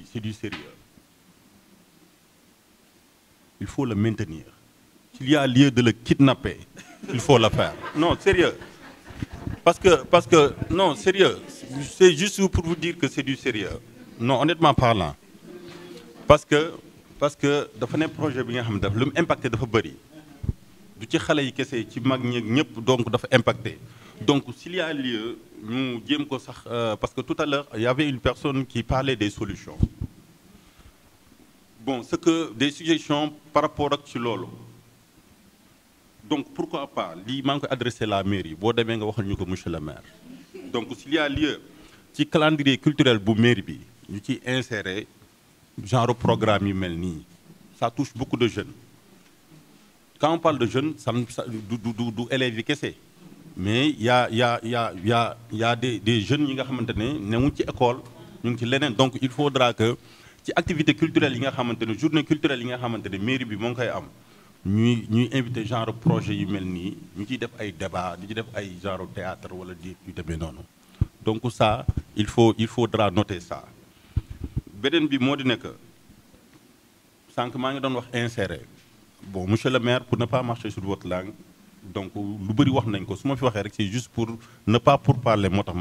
c'est du sérieux il faut le maintenir s'il y a lieu de le kidnapper il faut le faire non sérieux parce que parce que non sérieux c'est juste pour vous dire que c'est du sérieux non honnêtement parlant parce que parce que dafa projet bi nga xam impacté donc donc s'il y a lieu, nous euh, parce que tout à l'heure, il y avait une personne qui parlait des solutions. Bon, ce que des suggestions par rapport à Tchilolo. Donc pourquoi pas, il manque adresser la mairie, le maire. Donc s'il y a lieu, le calendrier culturel la mairie bi ñu ciy genre programme humain, ça touche beaucoup de jeunes quand on parle de jeunes ça du du du élèves mais il y' a y' a y' a y' a y' a des des jeunes yi nga xamante ne ci école ñu ci leneen donc il faudra que ci activité culturelle yi nga xamante ne journée culturelle yi nga xamante mairie bi moo ngi koy am ñuy ñuy invité genre projet yu mel nii ñu ciy def ay débat ci def ay genre théâtre wala di yu donc ça il faut il faudra noter ça beneen bi moo di nekk sànq maa ngi wax insérer bon monsieur le maire pour ne pas marcher sur votre langue donc lu bëri wax nañ ko suma c'est juste pour ne pas pour parler motax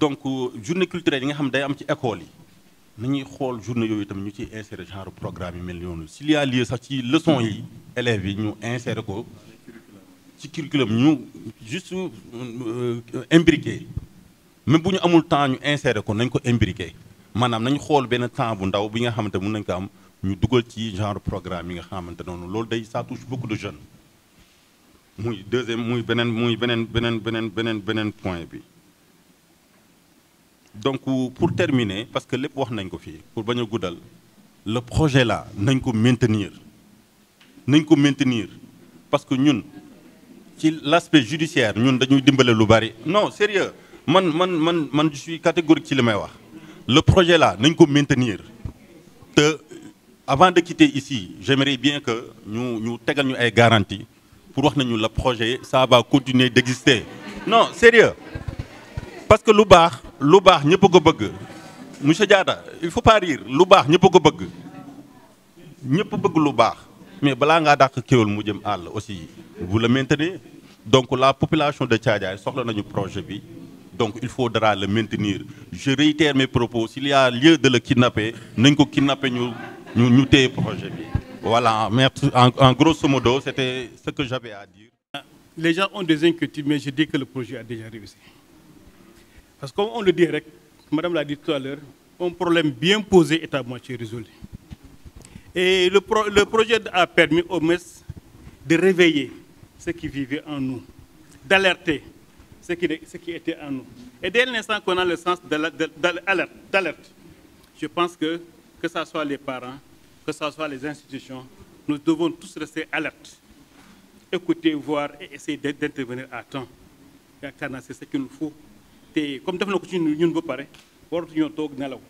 donc euh, journée culturelle yi nga xam day am ci école journée ñu insérer genre programme s'il y a lieu sax ci leçon yi élèves yi ñu insérer ko ci curriculum ñu juste euh, imbriquer, même bu temps ñu insérer ko ko temps bu ndaw bi nga ñu dugal ci genre programme yi nga xamante noonu day ça touche beaucoup de jeunes muy deuxième muy beneen muy beneen beneen beneen beneen beneen point bi donc pour terminer parce que lépp wax nañ ko fii pour bañ a le projet là nañ ko maintenir nañ ko maintenir parce que ñun ci l'aspect judiciaire ñun dañuy dimbale lu bari non sérieux man man man man je suis catégorique ci li may wax le projet là nañ ko maintenir te avant de quitter ici, j'aimerais bien que nous nous ayons une garantie pour que le projet ça va continuer d'exister. Non, sérieux. Parce que le bar, n'est peut nous pouvons pas. Monsieur Diada, il ne faut pas rire. Le bar, nous le pas. Nous pouvons pas le bar. Mais Balanga Dak Kiol Al aussi, vous le maintenez. Donc la population de Tchadia sort notre projet. Donc il faudra le maintenir. Je réitère mes propos. S'il y a lieu de le kidnapper, nous kidnapper nous nous nous voilà merci en grosso modo c'était ce que j'avais à dire. les gens ont des inquiétudes mais je dis que le projet a déjà réussi parce que comme on le dirait madame l'a dit tout à l'heure un problème bien posé est à moitié résolu et le le projet a permis aux MES de réveiller ce qui vivait en nous d'alerter ce qui ce qui était en nous et dès l'instant qu'on a le sens d'alerte je pense que que ce soit les parents, que ce soit les institutions, nous devons tous rester alertes, écouter, voir et essayer d'intervenir à temps. c'est ce qu'il nous faut comme nous dit, ci ñun ba nous waratuñoo toog nelaw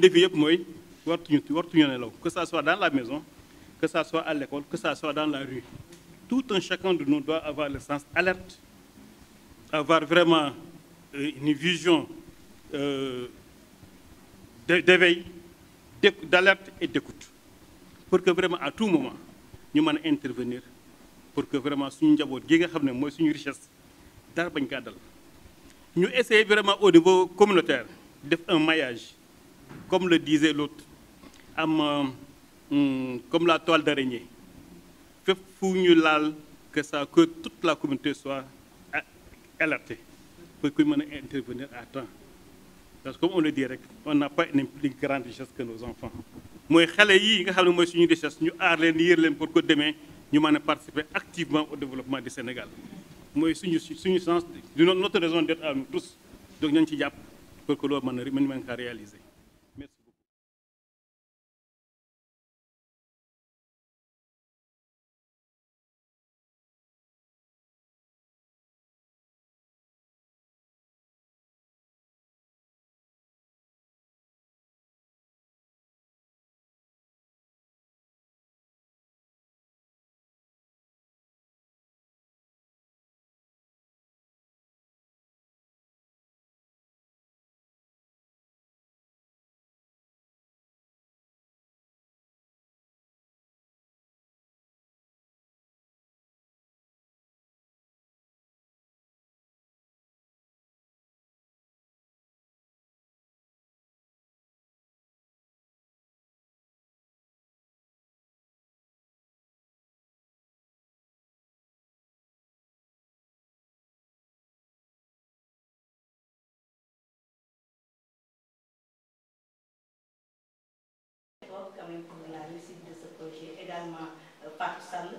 défi que ça soit dans la maison que ça soit à l'école que ça soit dans la rue tout un chacun de nous doit avoir le sens alerte avoir vraiment euh, une vision euh, d'éveil d'alerte et d'écoute pour que vraiment à tout moment nous puissions intervenir pour que vraiment si nous avons une richesse nous essayons vraiment au niveau communautaire def un maillage comme le disait l'autre euh, comme la toile d'araignée fou que que toute la communauté soit euh, alertée pour que nous intervenions intervenir à temps parce que comme on le dirait, on n'a pas une plus grande richesse que nos enfants Moi, suis yi nga xam suñu richesse ñu allons pour que demain nous allons participer activement au développement du Sénégal Nous suñu suñu sens notre raison d'être à nous tous donc ñoo pour que nous avons réalisé. réaliser même pour la réussite de ce projet. Également, euh, Fatou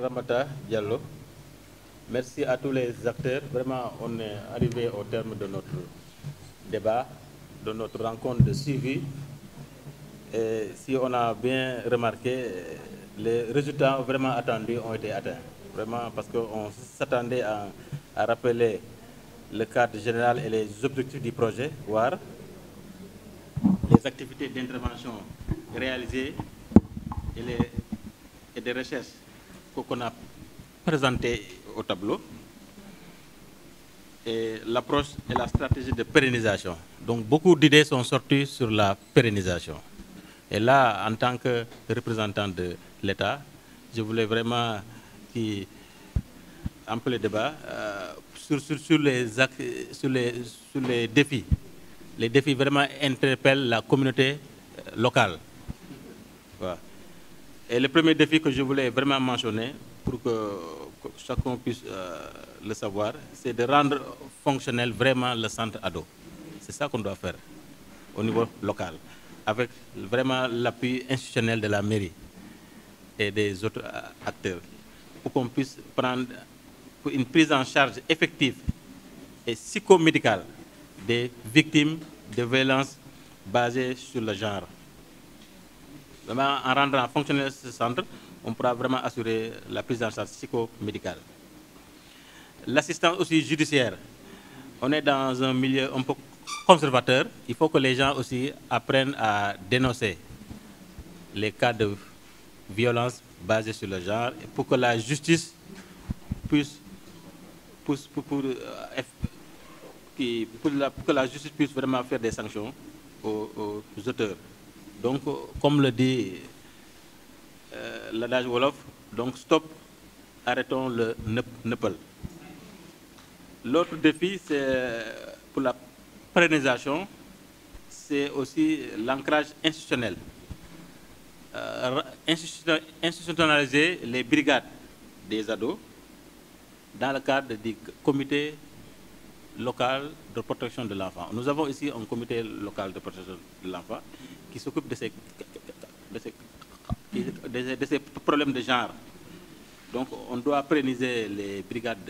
Ramata Diallo. Merci à tous les acteurs. Vraiment, on est arrivé au terme de notre débat, de notre rencontre de suivi. Et si on a bien remarqué, les résultats vraiment attendus ont été atteints. Vraiment, parce qu'on s'attendait à, rappeler le cadre général et les objectifs du projet, voire les activités d'intervention réalisées et, les, et des recherches qu'on a présenté au tableau et l'approche et la stratégie de pérennisation. Donc beaucoup d'idées sont sorties sur la pérennisation. Et là, en tant que représentant de l'État, je voulais vraiment ait un peu le débat euh, sur, les, sur, sur les défis. Les défis vraiment interpellent la communauté euh, locale. Et le premier défi que je voulais vraiment mentionner, pour que chacun puisse euh, le savoir, c'est de rendre fonctionnel vraiment le centre ado. C'est ça qu'on doit faire au niveau local, avec vraiment l'appui institutionnel de la mairie et des autres euh, acteurs, pour qu'on puisse prendre une prise en charge effective et psychomédicale des victimes de violences basées sur le genre en rendant fonctionnel ce centre, on pourra vraiment assurer la prise en charge psychomédicale. L'assistance aussi judiciaire. On est dans un milieu un peu conservateur. Il faut que les gens aussi apprennent à dénoncer les cas de violence basée sur le genre pour que la justice puisse, euh, que la justice puisse vraiment faire des sanctions aux auteurs. Donc, comme le dit euh, l'adage Wolof, donc stop, arrêtons le Nepal. L'autre défi, c'est pour la prénisation, c'est aussi l'ancrage institutionnel. Euh, institutionnaliser les brigades des ados dans le cadre du comité local de protection de l'enfant. Nous avons ici un comité local de protection de l'enfant qui s'occupe de ces, problèmes de genre. Donc on doit préniser les brigades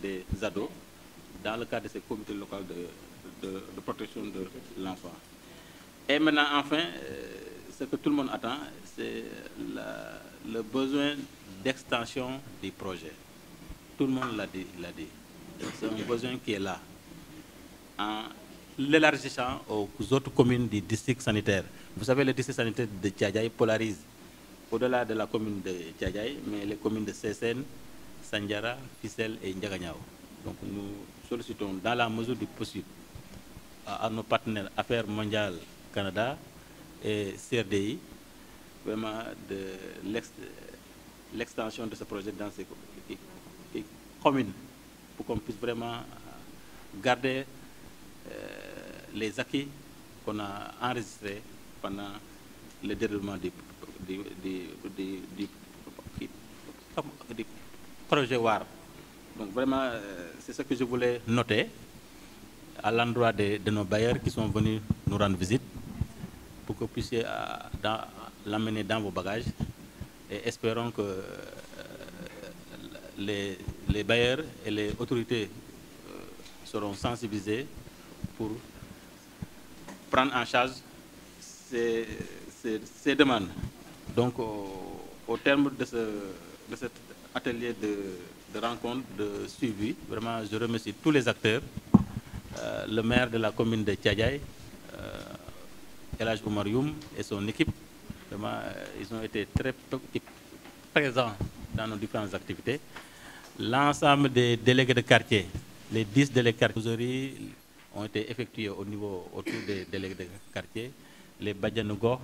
des ados dans le cadre de ces comités locaux de, protection de l'enfant. Et maintenant, enfin, euh, ce que tout le monde attend, c'est le besoin d'extension des projets. Tout le monde l'a dit. dit. C'est un besoin qui est là. En l'élargissant aux autres communes du district sanitaire. Vous savez, le district sanitaire de Tchadjaï polarise au-delà de la commune de Tchadjaï, mais les communes de Sesen, Sanjara, Fissel et Ndiaganyao. Donc nous sollicitons, dans la mesure du possible, à, nos partenaires Affaires mondiales Canada et CRDI, vraiment de l'extension de ce projet dans ces communes, pour qu'on puisse vraiment garder euh, les acquis qu'on a enregistrés pendant le déroulement du, projet WAR. Donc vraiment, euh, c'est ce que je voulais noter à l'endroit de, nos bailleurs qui sont venus nous rendre visite pour que vous puissiez euh, l'amener dans vos bagages et espérons que les, bailleurs et les autorités seront sensibilisés pour prendre en charge ces, demandes. Donc, au, terme de, ce, cet atelier de, rencontre, de suivi, vraiment, je remercie tous les acteurs, euh, le maire de la commune de Tchadjaï, euh, Elaj et son équipe. Vraiment, euh, ils ont été très présents dans nos différentes activités. L'ensemble des délégués de quartier, les 10 délégués de quartier, ont été effectués au niveau autour des délégués de quartier, les Badjanougor,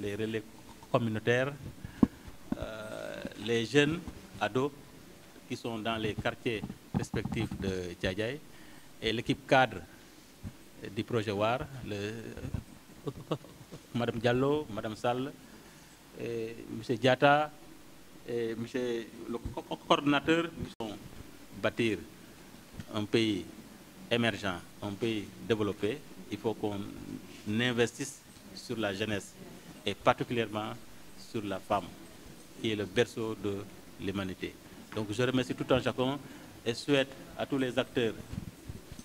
les relais communautaires, euh, les jeunes ados qui sont dans les quartiers respectifs de Tchadjaï et l'équipe cadre du projet WAR, le, Madame Diallo, Madame Salle, M. Diata, et M. le coordonnateur, qui sont bâtir un pays émergent, un pays développé, il faut qu'on investisse sur la jeunesse et particulièrement sur la femme, qui est le berceau de l'humanité. Donc je remercie tout un chacun et souhaite à tous les acteurs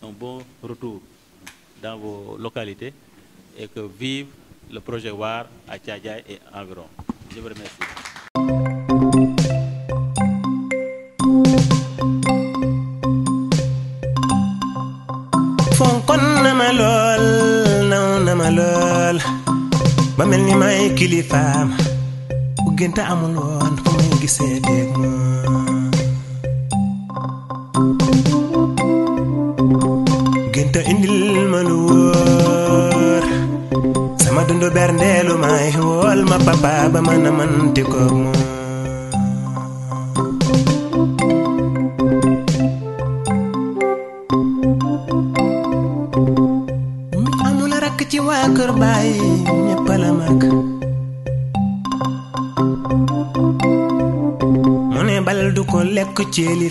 un bon retour dans vos localités et que vive le projet WAR à Tchadjaï et environ. Je vous remercie. ba mel ni may kilifaam bu gënta amul woon fu may gisee dégg gënta indil ma lu sama dundo berndeelu may wool ma papa ba mën a mënti ko ci back. mu ne bal du ko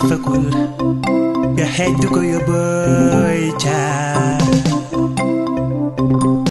fakul. nga xeej du ko